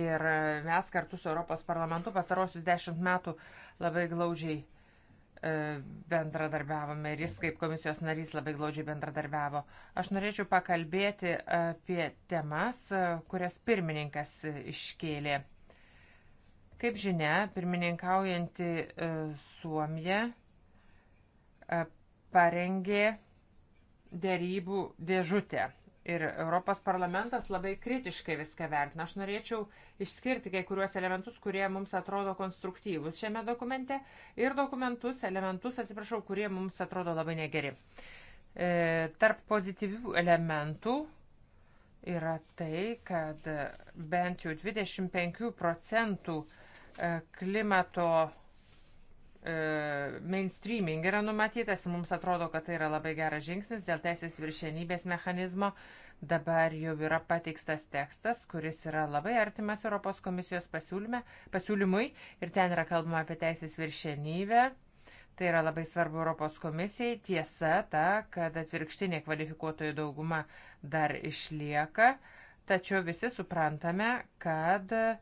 Ir e, mes kartu su Europos parlamentu pasarosius dešimt metų labai glaudžiai e, bendradarbiavome ir jis kaip komisijos narys labai glaudžiai bendradarbiavo. Aš norėčiau pakalbėti apie temas, e, kurias pirmininkas iškėlė. Kaip žinia, pirmininkaujanti Suomija parengė dėrybų dėžutę Ir Europos parlamentas labai kritiškai viską vertina. Aš norėčiau išskirti kai kuriuos elementus, kurie mums atrodo konstruktyvus šiame dokumente ir dokumentus, elementus, atsiprašau, kurie mums atrodo labai negeri. E, tarp pozityvių elementų yra tai, kad bent jau 25 procentų e, klimato E, mainstreaming yra numatytas ir mums atrodo, kad tai yra labai geras žingsnis dėl teisės viršenybės mechanizmo. Dabar jau yra pateikstas tekstas, kuris yra labai artimas Europos komisijos pasiūlymui ir ten yra kalbama apie teisės viršenybę. Tai yra labai svarbu Europos komisijai. Tiesa ta, kad atvirkštinė kvalifikuotojų dauguma dar išlieka, tačiau visi suprantame, kad uh,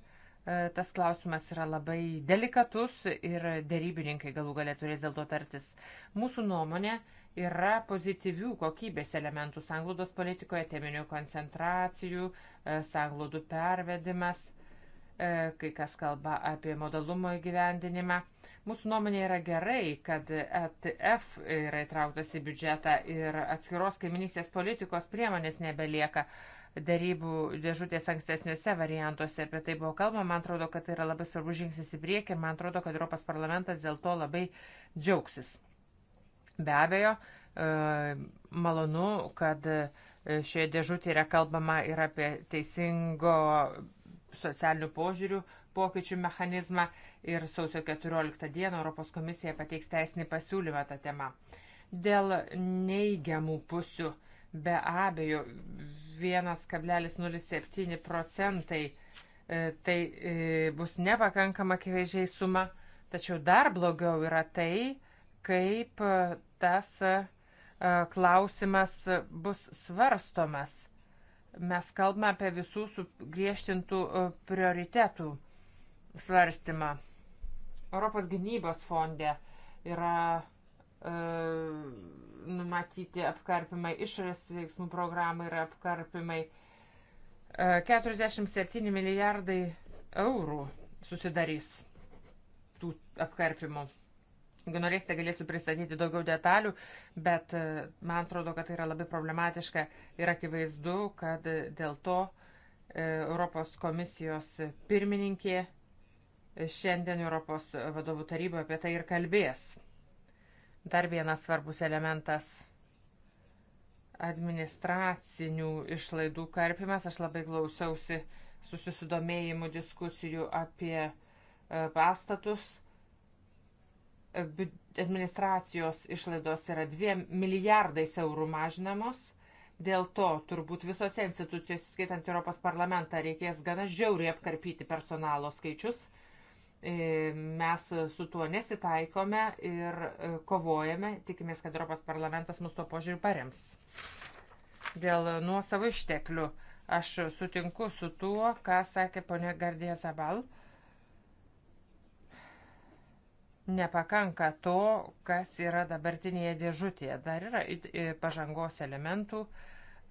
E, tas klausimas yra labai delikatus ir dėrybininkai galų galę turės dėl to tartis. Mūsų nuomonė yra pozityvių kokybės elementų sanglaudos politikoje, teminių koncentracijų, e, sanglaudų pervedimas, e, kai kas kalba apie modalumo įgyvendinimą. Mūsų nuomonė yra gerai, kad ETF yra įtrauktas į biudžetą ir atskiros kaiminysės politikos priemonės nebelieka darybų dėžutės ankstesniuose variantuose apie tai buvo kalbama. Man atrodo, kad tai yra labai svarbus žingsnis į priekį ir man atrodo, kad Europos parlamentas dėl to labai džiaugsis. Be abejo, e, malonu, kad e, šioje dėžutėje yra kalbama ir apie teisingo socialinių požiūrių pokyčių mechanizmą ir sausio 14 dieną Europos komisija pateiks teisinį pasiūlymą tą temą. Dėl neigiamų pusių Be abejo, 1,07 procentai e, tai e, bus nepakankama akivaizdžiai suma, tačiau dar blogiau yra tai, kaip e, tas klausimas bus svarstomas. Mes kalbame apie visų sugriežtintų prioritetų svarstymą. Europos gynybos fonde yra numatyti apkarpimai, išorės veiksmų programai yra apkarpimai. 47 e, milijardai eurų susidarys tų apkarpimų. Jeigu norėsite, galėsiu pristatyti daugiau detalių, bet e, man atrodo, kad tai yra labai problematiška ir akivaizdu, kad dėl to e, Europos komisijos pirmininkė šiandien Europos vadovų taryboje apie tai ir kalbės. Dar vienas svarbus elementas - administracinių išlaidų karpimas. Aš labai klausiausi susidomėjimų diskusijų apie e, pastatus. E, administracijos išlaidos yra 2 milijardais eurų mažinamos. Dėl to turbūt visose institucijose, skaitant Europos parlamentą, reikės gana žiauriai apkarpyti personalo skaičius. Mes su tuo nesitaikome ir e, kovojame, tikimės, kad Europos parlamentas mus tuo požiūriu parems. Dėl nuosavų išteklių aš sutinku su tuo, ką sakė ponė Gardija Zabal. Nepakanka to, kas yra dabartinėje dėžutėje. Dar yra pažangos elementų.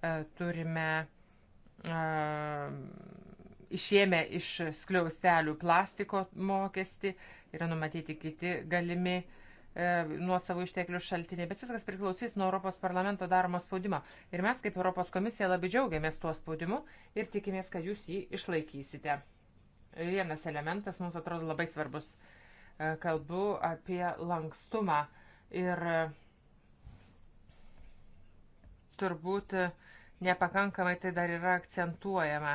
E, turime e, išėmę iš skliaustelių plastiko mokestį, yra numatyti kiti galimi e, nuo savo išteklių šaltiniai, bet viskas priklausys nuo Europos parlamento daromo spaudimo. Ir mes kaip Europos komisija labai džiaugiamės tuo spaudimu ir tikimės, kad jūs jį išlaikysite. Vienas elementas mums atrodo labai svarbus. E, kalbu apie lankstumą ir e, turbūt e, nepakankamai tai dar yra akcentuojama.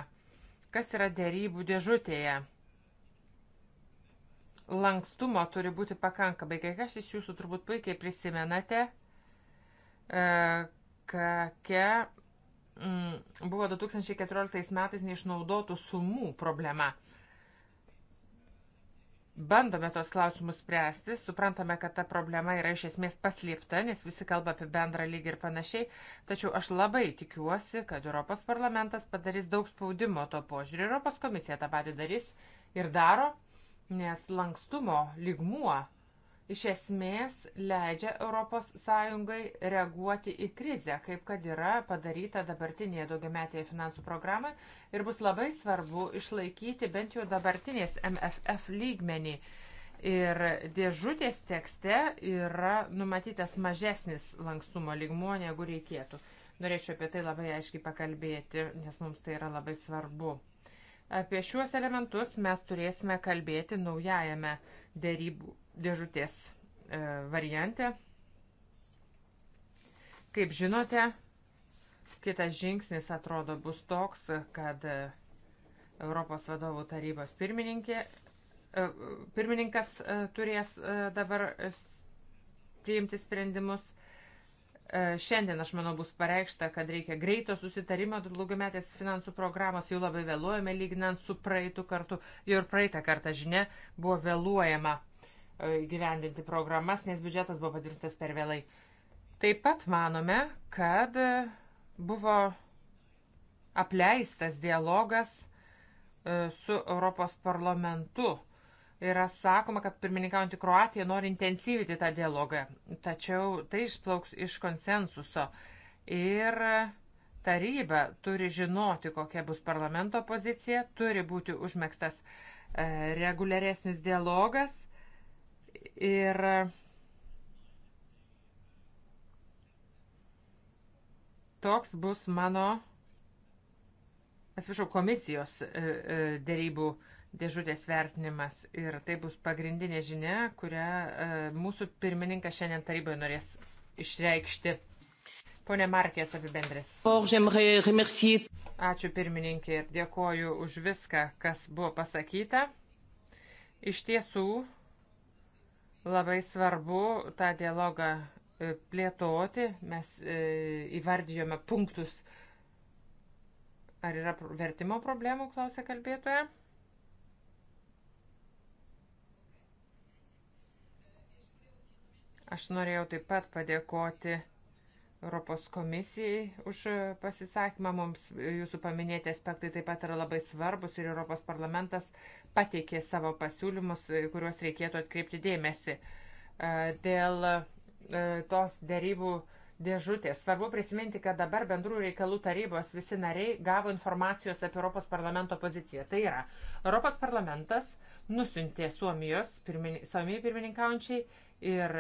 Kas yra dėrybų dėžutėje? Lankstumo turi būti pakankamai. Kai kas iš jūsų turbūt puikiai prisimenate, e, kokia mm, buvo 2014 metais neišnaudotų sumų problema bandome tos klausimus spręsti, suprantame, kad ta problema yra iš esmės paslėpta, nes visi kalba apie bendrą lygį ir panašiai, tačiau aš labai tikiuosi, kad Europos parlamentas padarys daug spaudimo to požiūrį, Europos komisija tą patį darys ir daro, nes lankstumo lygmuo iš esmės leidžia ES reaguoti į krizę, kaip kad yra padaryta dabartinėje daugiametėje finansų programoje ir bus labai svarbu išlaikyti bent jau dabartinės MFF lygmenį. Ir dėžutės tekste yra numatytas mažesnis lankstumo lygmuo, negu reikėtų. Norėčiau apie tai labai aiškiai pakalbėti, nes mums tai yra labai svarbu. Apie šiuos elementus mes turėsime kalbėti naujajame dėrybų dėžutės e, variante. Kaip žinote, kitas žingsnis atrodo bus toks, kad e, Europos vadovų tarybos pirmininkė, e, pirmininkas turės dabar priimti sprendimus. Šiandien, aš manau, bus pareikšta, kad reikia greito susitarimo daugiametės finansų programos, jau labai vėluojame lyginant su praeitų kartu, jau ir praeitą kartą žinia buvo vėluojama E, gyvendinti programas, nes biudžetas buvo padirbtas per vėlai. Taip pat manome, kad buvo apleistas dialogas e, su Europos parlamentu. Yra sakoma, kad pirmininkaujantį Kroatiją nori intensyvinti tą dialogą, tačiau tai išplauks iš konsensuso. Ir taryba turi žinoti, kokia bus parlamento pozicija, turi būti užmėgstas e, reguliaresnis dialogas Ir toks bus mano, atsiprašau, komisijos e, e, dėrybų dėžutės vertinimas. Ir tai bus pagrindinė žinia, kurią e, mūsų pirmininkas šiandien taryboje norės išreikšti. Pone Markės apibendrės. Ačiū pirmininkė ir dėkoju už viską, kas buvo pasakyta. Iš tiesų, Labai svarbu tą dialogą e, plėtoti, mes e, įvardijome punktus. Ar yra vertimo problemų, klausė kalbėtoja. Aš norėjau taip pat padėkoti Europos komisijai už pasisakymą. Mums e, jūsų paminėti aspektai taip pat yra labai svarbus ir Europos parlamentas uh, pateikė savo pasiūlymus, e, kuriuos reikėtų atkreipti dėmesį. E, dėl e, tos dėrybų dėžutės. Svarbu prisiminti, kad dabar bendrų reikalų tarybos visi nariai gavo informacijos apie Europos parlamento poziciją. Tai yra, Europos parlamentas nusintė Suomijos pirmin, Suomijai pirmininkaujančiai ir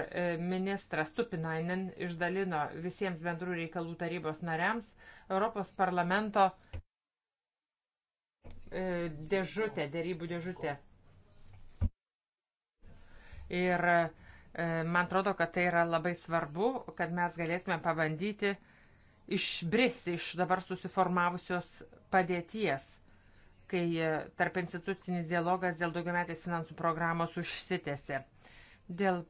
ministras Tupinainen išdalino visiems bendrų reikalų tarybos nariams Europos parlamento E, dėžutę, dėrybų dėžutę. Ir e, man atrodo, kad tai yra labai svarbu, kad mes galėtume pabandyti išbristi iš dabar susiformavusios padėties, kai e, tarp institucinis dialogas dėl daugiametės finansų programos užsitėse. Dėl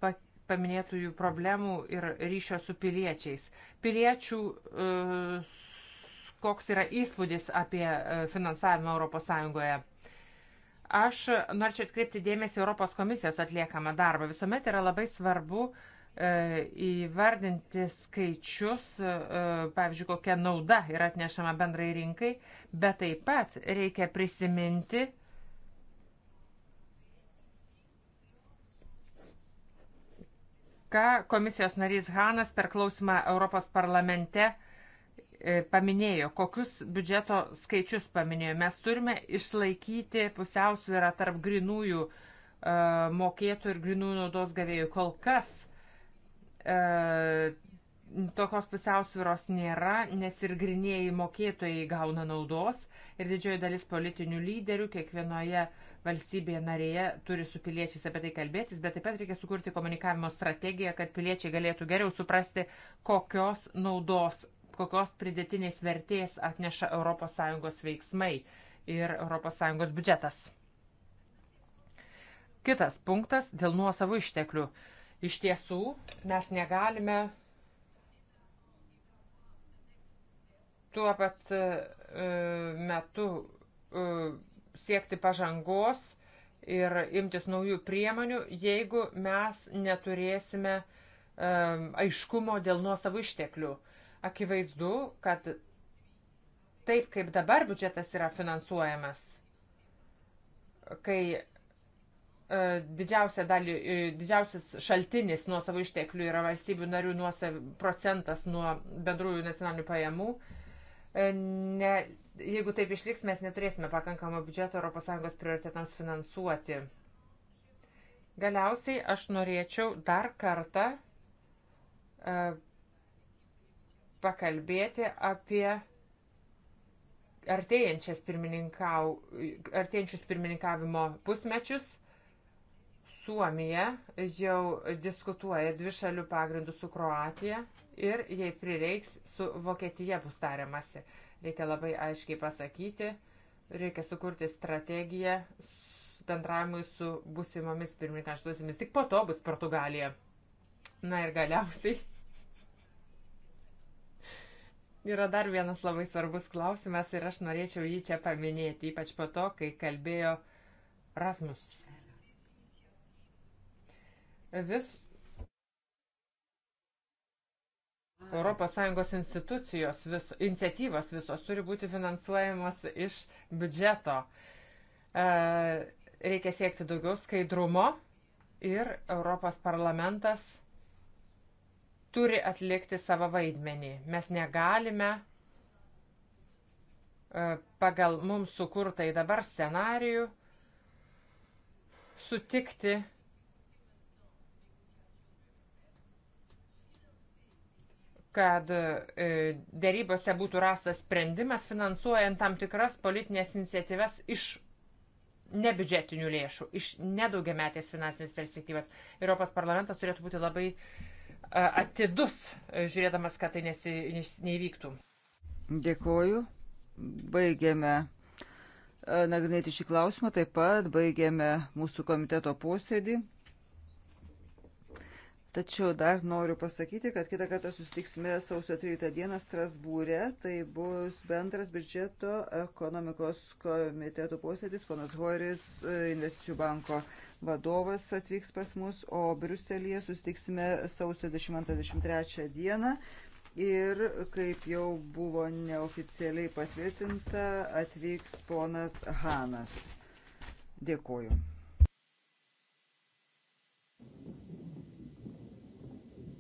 paminėtųjų problemų ir ryšio su piliečiais. Piliečių koks yra įspūdis apie e, finansavimą ES. Aš norėčiau atkreipti dėmesį Europos komisijos atliekamą darbą. Visuomet yra labai svarbu e, įvardinti skaičius, e, pavyzdžiui, kokia nauda yra atnešama bendrai rinkai, bet taip pat reikia prisiminti, ką komisijos narys Hanas per klausimą Europos parlamente E, paminėjo, kokius biudžeto skaičius paminėjo. Mes turime išlaikyti pusiausvyrą tarp grinųjų e, mokėtų ir grinųjų naudos gavėjų. Kol kas e, tokios pusiausvyros nėra, nes ir grinėjai mokėtojai gauna naudos ir didžioji dalis politinių lyderių kiekvienoje valstybėje narėje turi su piliečiais apie tai kalbėtis, bet taip pat reikia sukurti komunikavimo strategiją, kad piliečiai galėtų geriau suprasti, kokios naudos kokios pridėtinės vertės atneša ES veiksmai ir ES biudžetas. Kitas punktas dėl nuosavų išteklių. Iš tiesų, mes negalime tuo pat e, metu e, siekti pažangos ir imtis naujų priemonių, jeigu mes neturėsime e, aiškumo dėl nuosavų išteklių. Akivaizdu, kad taip kaip dabar biudžetas yra finansuojamas, kai e, didžiausia dalį, e, didžiausias šaltinis nuo savo išteklių yra valstybių narių nuosav, procentas nuo bendrųjų nacionalinių pajamų, e, ne, jeigu taip išliks, mes neturėsime pakankamo biudžeto ES prioritetams finansuoti. Galiausiai aš norėčiau dar kartą e, pakalbėti apie artėjančias pirmininkau, artėjančius pirmininkavimo pusmečius. Suomija jau diskutuoja dvi šalių pagrindų su Kroatija ir, jei prireiks, su Vokietija bus tariamasi. Reikia labai aiškiai pasakyti, reikia sukurti strategiją bendravimui su busimomis pirmininkančiuosiamis. Tik po to bus Portugalija. Na ir galiausiai Yra dar vienas labai svarbus klausimas ir aš norėčiau jį čia paminėti, ypač po to, kai kalbėjo Rasmus. Vis ES institucijos, vis, iniciatyvos visos turi būti finansuojamas iš biudžeto. E, reikia siekti daugiau skaidrumo ir Europos parlamentas turi atlikti savo vaidmenį. Mes negalime e, pagal mums sukurtai dabar scenarijų sutikti kad e, dėrybose būtų rastas sprendimas finansuojant tam tikras politinės iniciatyvas iš nebiudžetinių lėšų, iš nedaugiametės finansinės perspektyvas. Europos parlamentas turėtų būti labai uh, atidus, žiūrėdamas, kad tai nesi, neįvyktų. Dėkoju. Baigėme nagrinėti šį klausimą, taip pat baigėme mūsų komiteto posėdį. Tačiau dar noriu pasakyti, kad kitą kartą susitiksime sausio 13 dieną Strasbūrė. Tai bus bendras biudžeto ekonomikos komiteto posėdis, ponas Horis, investicijų banko vadovas atvyks pas mus, o Briuselėje susitiksime sausio 23 dieną. Ir kaip jau buvo neoficialiai patvirtinta, atvyks ponas Hanas. Dėkuoju.